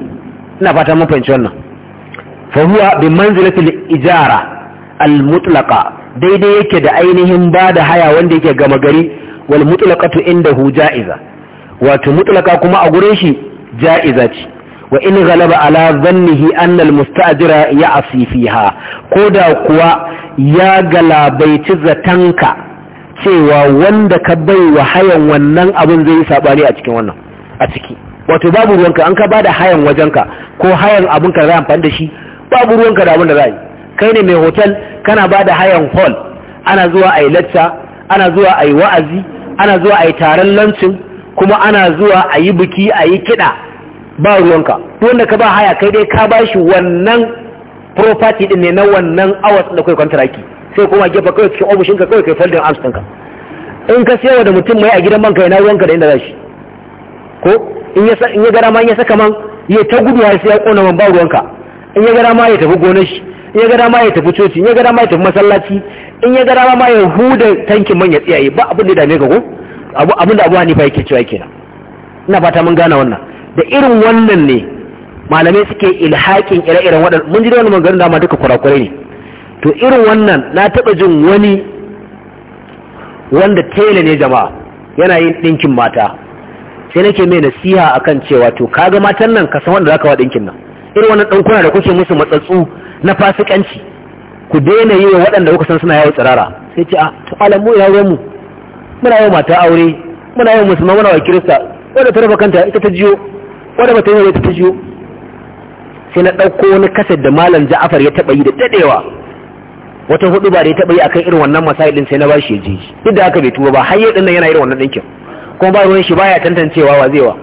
ina fata mun wannan fa huwa bi manzilatil ijara al-mutlaqa daidai yake da ainihin ba da haya wanda yake gama gari wal mutlaqatu hu ja'iza wato mutlaka kuma a gurin shi ja'iza ce wa in ghalaba ala dhannihi anna ya ya'si fiha koda kuwa ya galabaici zatanka cewa wanda ka bai wa hayan wannan abin zai sabani a cikin wannan a ciki wato babu ruwanka an ka bada hayan wajenka ko hayan abin ka zai amfani da shi babu ruwanka da abin da zai kai ne mai hotel kana bada hayan hall ana zuwa ai lecture ana zuwa ai wa'azi ana zuwa ai taron lancin kuma ana zuwa a yi biki a yi kiɗa ba ruwanka to wanda ka ba haya kai dai ka ba shi wannan property din ne na wannan awas da kai kontraki sai kuma gefa kai cikin ofishin ka kai kai folding arms ɗinka in ka sayo da mutum mai a gidan banka yana ruwanka da inda zashi ko in ya in ya gara ma in ya saka man ya ta gudu har sai ya kona man ba ruwanka in ya gara ma ya tafi gonar shi in ya gara ma ya tafi coci in ya gara ma ya tafi masallaci in ya gara ma ya huda tankin man ya tsiyaye ba abin da ya dame ka ko abin da abu fa yake cewa kenan ina fata mun gane wannan da irin wannan ne malamai suke ilhakin ire-iren waɗanda mun ji da wani maganin dama duka kurakurai ne to irin wannan na taɓa jin wani wanda tela ne jama'a yana yin ɗinkin mata sai nake mai nasiha akan cewa to kaga matan nan ka san wanda zaka wa ɗinkin nan irin wannan ɗankuna da kuke musu matsatsu na fasikanci ku daina yi wa waɗanda kuka san suna yawo tsirara sai ce a ah, to alamu ya mu muna yawo mata aure muna yawo musulma muna wa kirista wanda ta raba kanta ita ta jiyo wadda ba ta yi ta jiyo sai na ɗauko wani kaset da malam ja'afar ya taɓa yi da daɗewa wata hudu ba da ya taɓa yi akan irin wannan masailin sai na bashi ya ji duk da aka bai tuba ba har yau nan yana irin wannan ɗinkin kuma ba ruwan shi baya tantancewa wa wa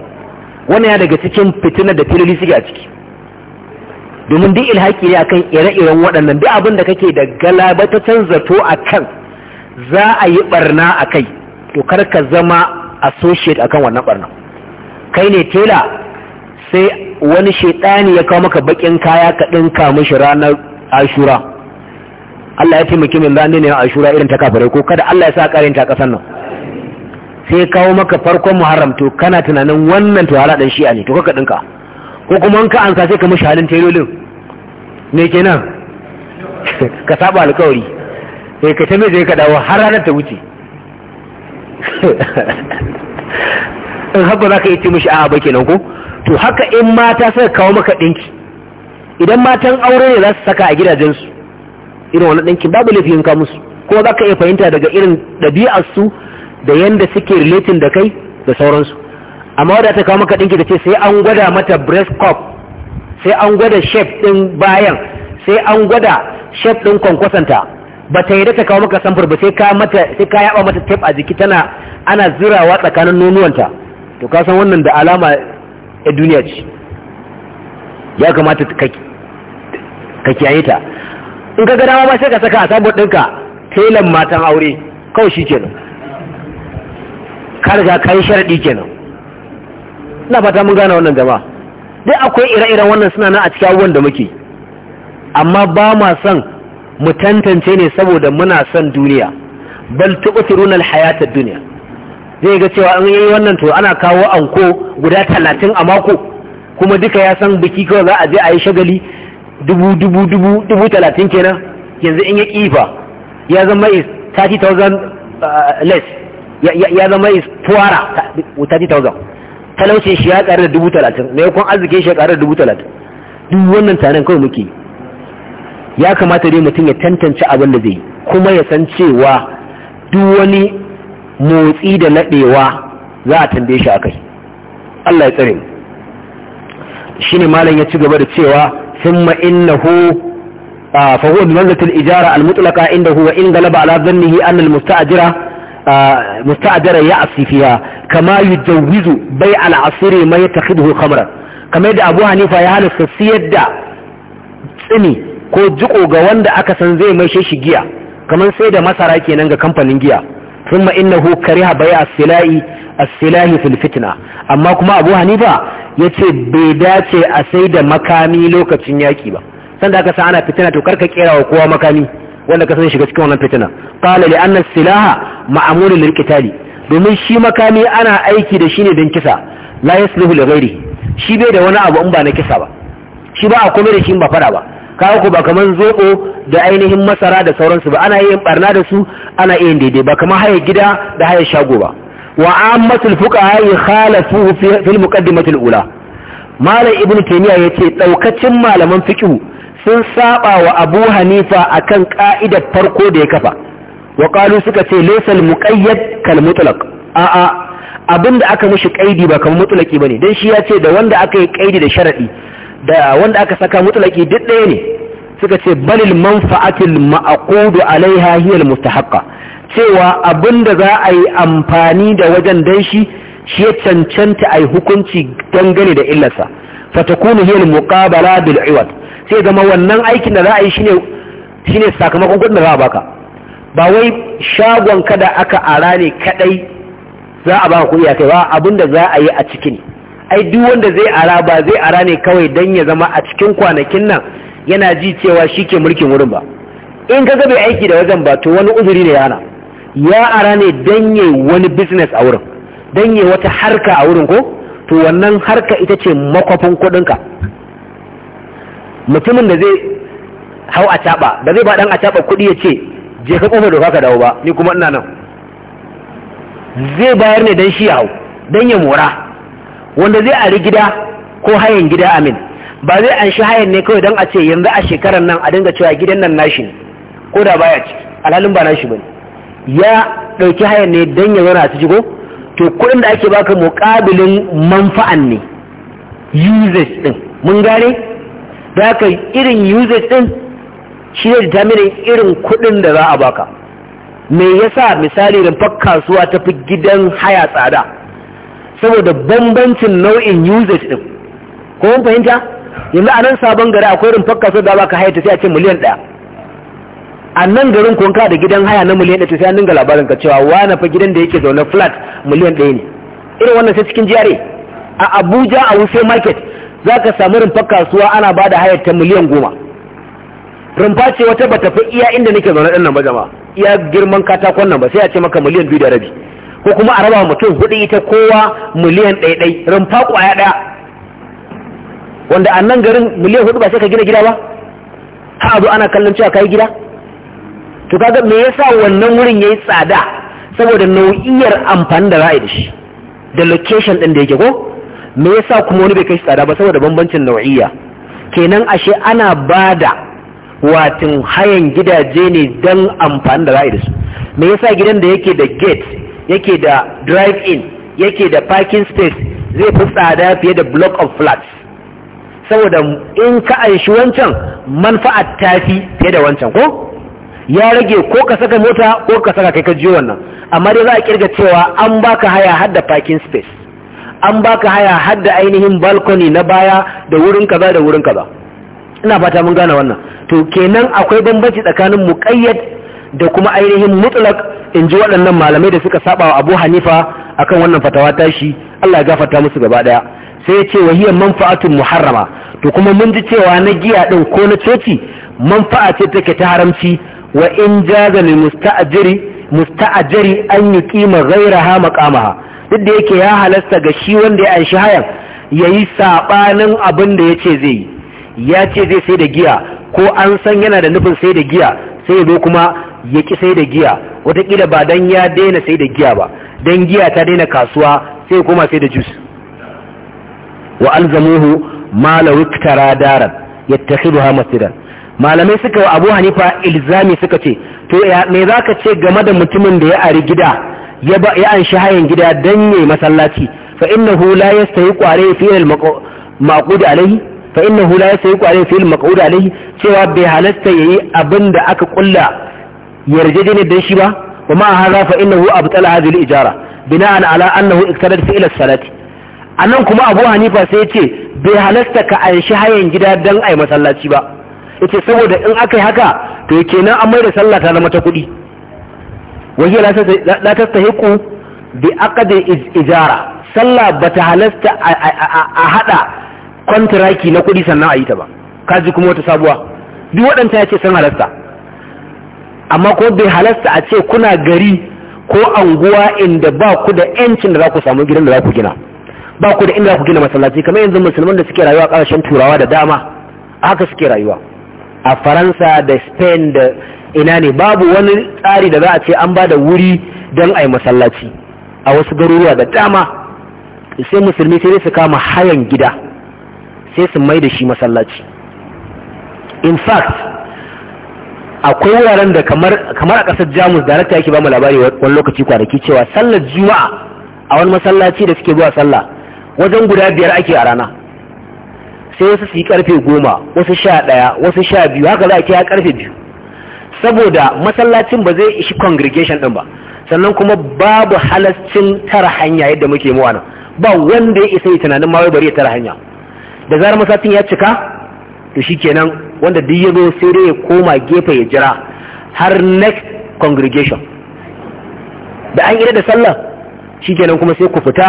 wannan ya daga cikin fitinar da filoli suke a ciki domin duk ilhaki ne akan ire-iren waɗannan duk abin da kake da galabatacen zato akan za a yi barna a kai to kar ka zama associate akan wannan barna kai ne tela sai wani shaidani ya kawo maka bakin kaya ka dinka mishi ranar ashura Allah ya taimaki min ranar ne ashura irin ta kafare ko kada Allah ya sa karinta kasan nan sai ya kawo maka farkon muharram to kana tunanin wannan to haladan shi'a ne to kaka dinka ko kuma in ka ansa sai ka mishi halin tailolin me kenan ka saba alƙawari sai eh, ka ta mai ka dawo har ranar ta wuce in haka za ka yi ce mishi a'a ba kenan ko to haka in mata suka kawo maka ɗinki idan matan aure ne za su saka a gidajensu irin wani ɗinkin babu laifin ka musu ko za ka iya fahimta daga irin ɗabi'arsu da yanda suke relating da kai da sauransu amma wadda ta kawo maka ɗinki da ce sai an gwada mata breast cup sai an gwada shape ɗin bayan sai an gwada shape ɗin kwankwasanta ba ta yi da ta kawo maka samfur ba sai ka mata yaba mata tape a jiki tana ana zirawa tsakanin nonuwanta to ka san wannan da alama ya duniya ce ya kamata ka kiyaye ta in ka ga dama ba sai ka saka a sabon ɗinka telan matan aure kawai shi kenan kar riga ka yi sharaɗi kenan ina fata mun gane wannan gaba dai akwai ire-iren wannan suna na a cikin abubuwan da muke amma ba ma son mu tantance ne saboda muna son duniya bal tu'thiruna al-hayata duniya. dunya zai ga cewa an yi wannan to ana kawo anko guda talatin a mako kuma duka ya san biki kawai za a je a yi shagali dubu dubu dubu dubu talatin kenan yanzu in ya kifa ya zama is 30,000 uh, less ya zama is tuwara 30,000 talauce shi ya ƙarar da dubu talatin mai kun arziki shi ya ƙarar da dubu talatin duk wannan taron kawai muke ya kamata dai mutum ya tantance abin da zai kuma ya san cewa duk wani motsi da naɗewa za a tambaye shi a kai Allah ya tsare shi ne malam ya ci gaba da cewa sun innahu fa huwa manzatul ijara al mutlaqa inda huwa in galaba ala dhannihi an al musta'jira ya asifiya kama yujawwizu bai al asiri ma yatakhidhu khamran kamar da Abu Hanifa ya halasta siyar da tsini ko jiko ga wanda aka san zai mai shi giya kamar sai da masara kenan ga kamfanin giya ثم إنه كره بيع السلاء السلاء في الفتنة أما كما أبو حنيفة يتي بيدات أسيد مكامي لوكة ياكي با سند أكسا أنا فتنة تكرك كيرا وقوى مكامي wanda ka san shiga cikin wannan fitina qala li anna silaha ma'mulun lil domin shi makami ana aiki da shi ne don kisa la yasluhu li shi bai da wani abu in ba na kisa ba shi ba a komai da shi in ba fada ba kawo ku ba kamar zoɓo da ainihin masara da sauransu ba ana yin barna da su ana yin daidai ba kamar haya gida da haya shago ba wa ammatul fuqaha khalafu fil muqaddimatil ula malam ibnu taymiya yace daukacin malaman fiqh sun saba wa abu hanifa akan ƙa'idar farko da ya kafa wa qalu suka ce laysal muqayyad kal mutlaq a a abinda aka mushi kaidi ba kamar mutlaki bane dan shi yace da wanda aka yi kaidi da sharadi da wanda aka saka mutlaki duk ɗaya ne suka ce balil manfa'atil ma'aqudu alaiha hiya almustahaqqa cewa abinda za a yi amfani da wajen danshi shi ya cancanta ai hukunci dangane da illarsa fatakunu hiya almuqabala bil iwad sai zama wannan aikin da za a yi shine shine sakamakon kudin da za a baka ba wai shagon kada aka ara ne kadai za a baka kuɗi kai ba abinda za a yi a ciki ne ai duk wanda zai ara ba zai ara ne kawai dan ya zama a cikin kwanakin nan yana ji cewa shi ke mulkin wurin ba in ka zabe aiki da wajen ba to wani uzuri ne yana ya ara ne dan ya wani business a wurin dan ya wata harka a wurin ko to wannan harka ita ce makwafin kuɗinka mutumin da zai hau a caɓa ba zai ba dan a caɓa kuɗi ya ce je ka ƙofar doka ka dawo ba ni kuma ina nan zai bayar ne dan shi hau dan ya mora wanda zai ari gida ko hayan gida amin ba zai an shi hayan ne kawai don a ce yanzu a shekarar nan a dinga cewa gidan nan nashi ne ko da baya ciki alhalin ba nashi ba ya ɗauki hayan ne don ya zauna a jigo to kuɗin da ake baka muƙabilin manfa'an ne usage ɗin mun gane da ka irin usage din shi ne determining irin kuɗin da za a baka me yasa misali rumfar kasuwa tafi gidan haya tsada saboda bambancin nau'in usage din ko mun fahimta yanzu a nan sabon gari akwai fakka kaso da ba ka haita sai a ce miliyan ɗaya a nan garin kunka da gidan haya na miliyan ɗaya sai an dinga labarin ka cewa wani fa gidan da yake zaune flat miliyan ɗaya ne irin wannan sai cikin jiyare a abuja a wuse market za ka samu rumfa kasuwa ana ba da hayar ta miliyan goma rumfa ce wata ba tafi iya inda nake zaune ɗin nan ba jama'a iya girman katakon nan ba sai a ce maka miliyan biyu da rabi ko kuma a raba mutum hudu ita kowa miliyan ɗaiɗai rumfa kwaya ɗaya wanda a nan garin miliyan hudu ba sai ka gina gida ba ha zo ana kallon cewa kai gida to kaga me yasa wannan wurin yayi tsada saboda nau'iyar amfani da ra'ayi da shi da location din da yake ko me yasa kuma wani bai kai tsada ba saboda bambancin nau'iyya kenan ashe ana bada watin hayan gidaje ne dan amfani da ra'ayi da me yasa gidan da yake da gate yake da drive in yake da parking space zai fi tsada fiye da block of flats saboda in ka aishi wancan manfa'at fi fiye da wancan ko ya rage ko ka saka mota ko ka saka kai ka jiyo wannan amma dai za a kirga cewa an baka haya har da parking space an baka haya har da ainihin balcony na baya da wurin kaza da wurin kaza ina fata mun gane wannan to kenan akwai bambanci tsakanin muqayyad da kuma ainihin mutlak in ji waɗannan malamai da suka saba wa abu hanifa akan wannan fatawa shi. allah ya gafarta musu gaba ɗaya sai ya ce wa hiyar manfa'atun muharrama to kuma mun ji cewa na giya ɗin ko na coci manfa'a ce take ta haramci wa in jaza lil musta'ajiri musta'ajiri an yi yuqima ghayraha maqamaha duk da yake ya halasta ga shi wanda ya anshi hayan ya yi saɓanin abin da ya ce zai yi ya ce zai sai da giya ko an san yana da nufin sai da giya sai ya zo kuma ya ki sai da giya wataƙila ba dan ya daina sai da giya ba dan giya ta daina kasuwa sai kuma sai da jus wa alzamuhu ma ya tafi daran yattakhidha malamai suka wa Abu Hanifa ilzami suka ce to me ka ce game da mutumin da ya ari gida ya an shi hayan gida dan ne masallaci fa innahu la yastahi qare fi al maqud alaihi fa innahu fi alaihi cewa bai halasta yayi da aka kulla yarjejeniyar da shi ba wa ma hadha fa innahu abtala hadhihi al-ijara bina'an ala annahu iktadat fi ila salati anan kuma Abu Hanifa sai ya ce bai halasta ka an hayan gida dan yi masallaci ba ce saboda in yi haka to kenan an mai da sallah ta zama ta kudi wahiya la bi ijara sallah bata halasta a hada kwantiraki na kuɗi sannan a yi ta ba kaji kuma wata sabuwa duk waɗanta ya ce sun halasta amma ko bai halasta a ce kuna gari ko anguwa inda ba ku da yancin da za ku samu gidan da za ku gina ba ku da inda za ku gina masallaci kamar yanzu musulman da suke rayuwa ƙarshen turawa da dama haka suke rayuwa a faransa da spain da ina ne babu wani tsari da za a ce an ba da wuri don a yi masallaci a wasu garuruwa da dama sai musulmi sai su kama hayan gida sai su mai da shi masallaci in fact akwai wuraren da kamar a kasar Jamus darakta yake ba mu labari wani lokaci kwanaki cewa sallar Juma'a a wani masallaci da suke zuwa sallah wajen guda biyar ake a rana sai wasu su yi karfe goma wasu sha ɗaya wasu sha biyu haka za a kira karfe biyu saboda masallacin ba zai ishi congregation din ba sannan kuma babu halascin tara hanya yadda muke mu ba wanda ya isa tunanin ma bari ya tara hanya da zarar masallacin ya cika to shikenan wanda duk ya zo sai dai ya koma gefe ya jira har next congregation da an yi da sallah shikenan kuma sai ku fita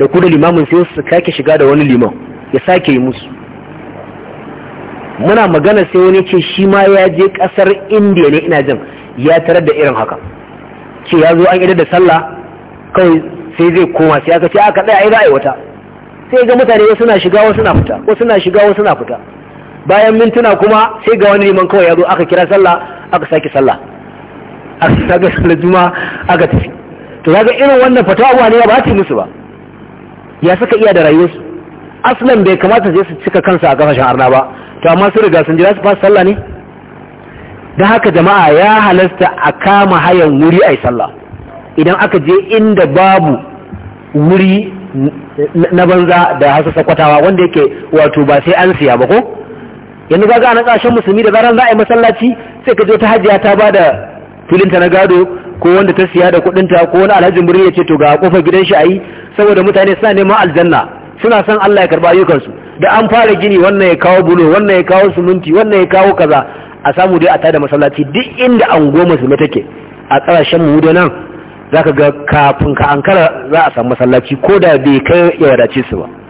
da ku da limamin sai su sake shiga da wani liman ya sake yi musu muna magana sai wani ce shi ma ya je kasar indiya ne ina jin ya tarar da irin haka ce ya zo an idar da sallah kawai sai zai koma sai aka ce aka tsaya ai za a yi wata sai ga mutane wasu na shiga wasu na fita wasu na shiga wasu na fita bayan mintuna kuma sai ga wani liman kawai ya zo aka kira sallah aka sake sallah aka sake sallah juma aka tafi to zaga irin wannan abuwa ne ba ta musu ba ya suka iya da rayuwarsu aslan bai kamata je su cika kansa a kasashen arna ba to amma su riga sun jira su fasa sallah ne da haka jama'a ya halasta a kama hayan wuri yi sallah idan aka je inda babu wuri na banza da hasa sakwatawa wanda yake wato ba sai an siya ba ko yanzu ga a kashin musulmi da zaran za a yi masallaci sai ka je ta hajiya ta ba da filinta na gado ko wanda ta siya da kudinta ko wani alhaji murin ya ce to ga kofar gidan shi a saboda mutane suna neman aljanna suna son Allah ya karba ayyukansu da an fara gini wannan ya kawo bulo wannan ya kawo suminti wannan ya kawo kaza a samu dai a tada masallaci duk inda an goma su take a ƙarashen mu da nan zaka ga kafin ka ankara za a samu masallaci ko da bai kai ya wadace su ba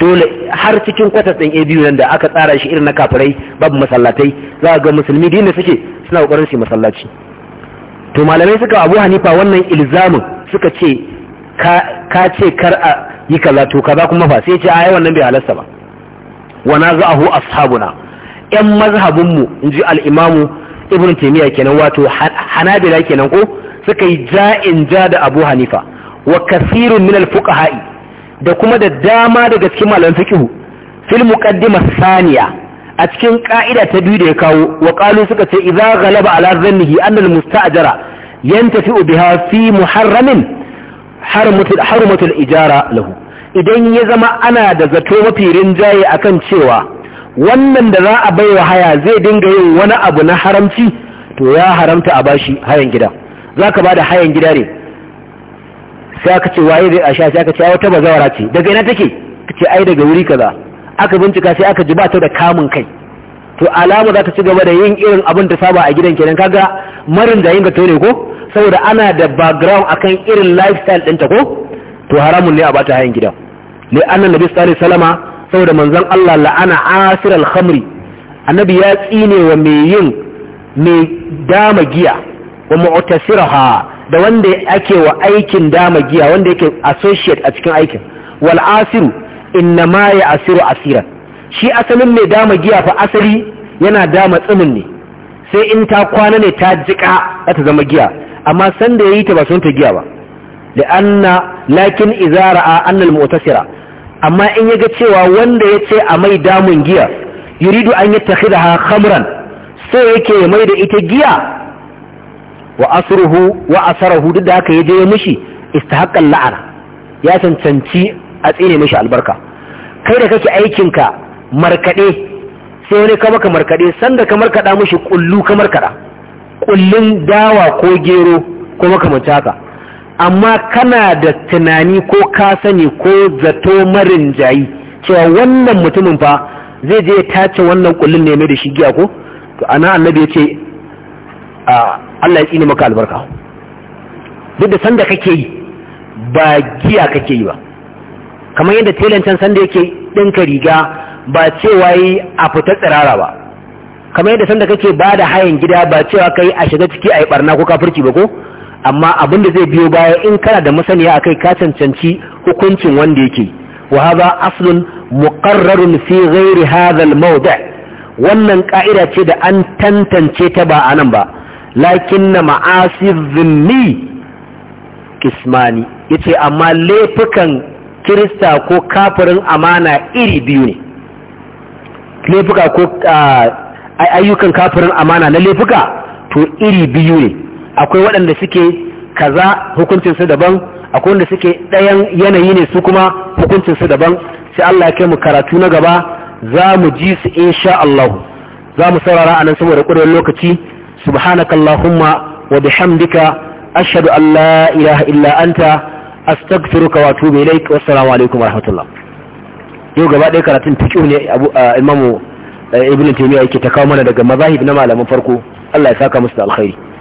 dole har cikin kwatas ɗin abu nan da aka tsara shi irin na kafirai babu masallatai za ga musulmi dina suke suna ƙoƙarin su masallaci to malamai suka abu hanifa wannan ilzamin suka ce ka ce kar a yi kaza to kaza kuma fa sai ce yi wannan bai halasta ba wa naza'ahu ashabuna yan mazhabin mu inji al'imamu imamu ibn taimiyya kenan wato hanabila kenan ko suka yi ja'in ja da abu hanifa wa kasirin min al-fuqaha'i da kuma da dama daga cikin malaman fiqh fil muqaddima thaniya a cikin ka'ida ta biyu da ya kawo wa qalu suka ce idza ghalaba ala dhannihi anna al musta'jara yantafi'u biha fi muharramin harmatul harmatul ijara lahu idan ya zama ana da zato mafi rinjaye akan cewa wannan da za a baiwa haya zai dinga yin wani abu na haramci to ya haramta a bashi hayan gida zaka bada hayan gida ne sai aka ce waye zai asha sai aka ce wata bazawara ce daga ina take kace ai daga wuri kaza aka bincika sai aka ji ba ta da kamun kai to alama za ta ci gaba da yin irin abin ta saba a gidan kenan kaga marin da yin tore ko saboda ana da background akan irin lifestyle ta ko to haramun ne a bata hayan gida li annan nabi sallallahu alaihi wasallama saboda manzon Allah la'ana asir al-khamri annabi ya tsine wa mai yin mai dama giya wa mu'tasiraha da wanda ake wa aikin dama giya wanda yake associate a cikin aikin wal asiru ma ya asiru asiran shi asalin mai dama giya fa asali yana dama tsimin ne sai in ta kwana ne ta jika za ta zama giya amma sanda yayi ta ba sun ta giya ba da anna lakin izara a annal mu'tasira amma in yaga cewa wanda ya ce a mai damun giya yuridu an yattakhidha khamran so yake mai da ita giya wa asruhu wa asarahu duk da haka ya je ya mishi istahaqqan la'ana ya cancanci a tsine mishi albarka kai da kake aikin ka markade sai wani ka baka markade sanda ka markada mishi kullu ka markada kullun dawa ko gero ko maka haka amma kana da tunani ko ka sani ko zato marin jayi cewa wannan mutumin fa zai je ya tace wannan kullun ne mai da shi giya ko to ana annabi ya ce Allah ya tsini maka albarka duk da sanda kake yi ba giya kake yi ba kamar yadda telan can sanda yake ɗinka riga ba cewa yi a fita tsirara ba kamar yadda sanda kake ba da hayan gida ba cewa kai a shiga ciki a yi barna ko kafirci ba ko amma abin da zai biyo baya in kana da masaniya a kai, ka cancanci hukuncin wanda yake wa haza aslun muqarrarun fi ghairi hadha al wannan ka'ida ce da an tantance ta ba anan ba Lakin na ma'asi Ismani kismani ce, amma laifukan kirista ko kafirin amana iri biyu ne laifuka ko ayyukan kafirin amana na laifuka to iri biyu ne akwai waɗanda suke kaza hukuncinsu daban akwai wanda suke ɗayan yanayi ne su kuma hukuncinsu daban sai Allah ya kai mu karatu na gaba za mu ji su insha Allah za mu saurara a nan saboda ƙudurin lokaci subhanakallahumma wa bihamdika ashhadu an la ilaha illa anta astaghfiruka wa atubu ilaik wa wa rahmatullah yau gaba ɗaya karatun fiqh ne imamu ibn taymiya yake ta kawo mana daga mazahib na malaman farko Allah ya saka musu da alkhairi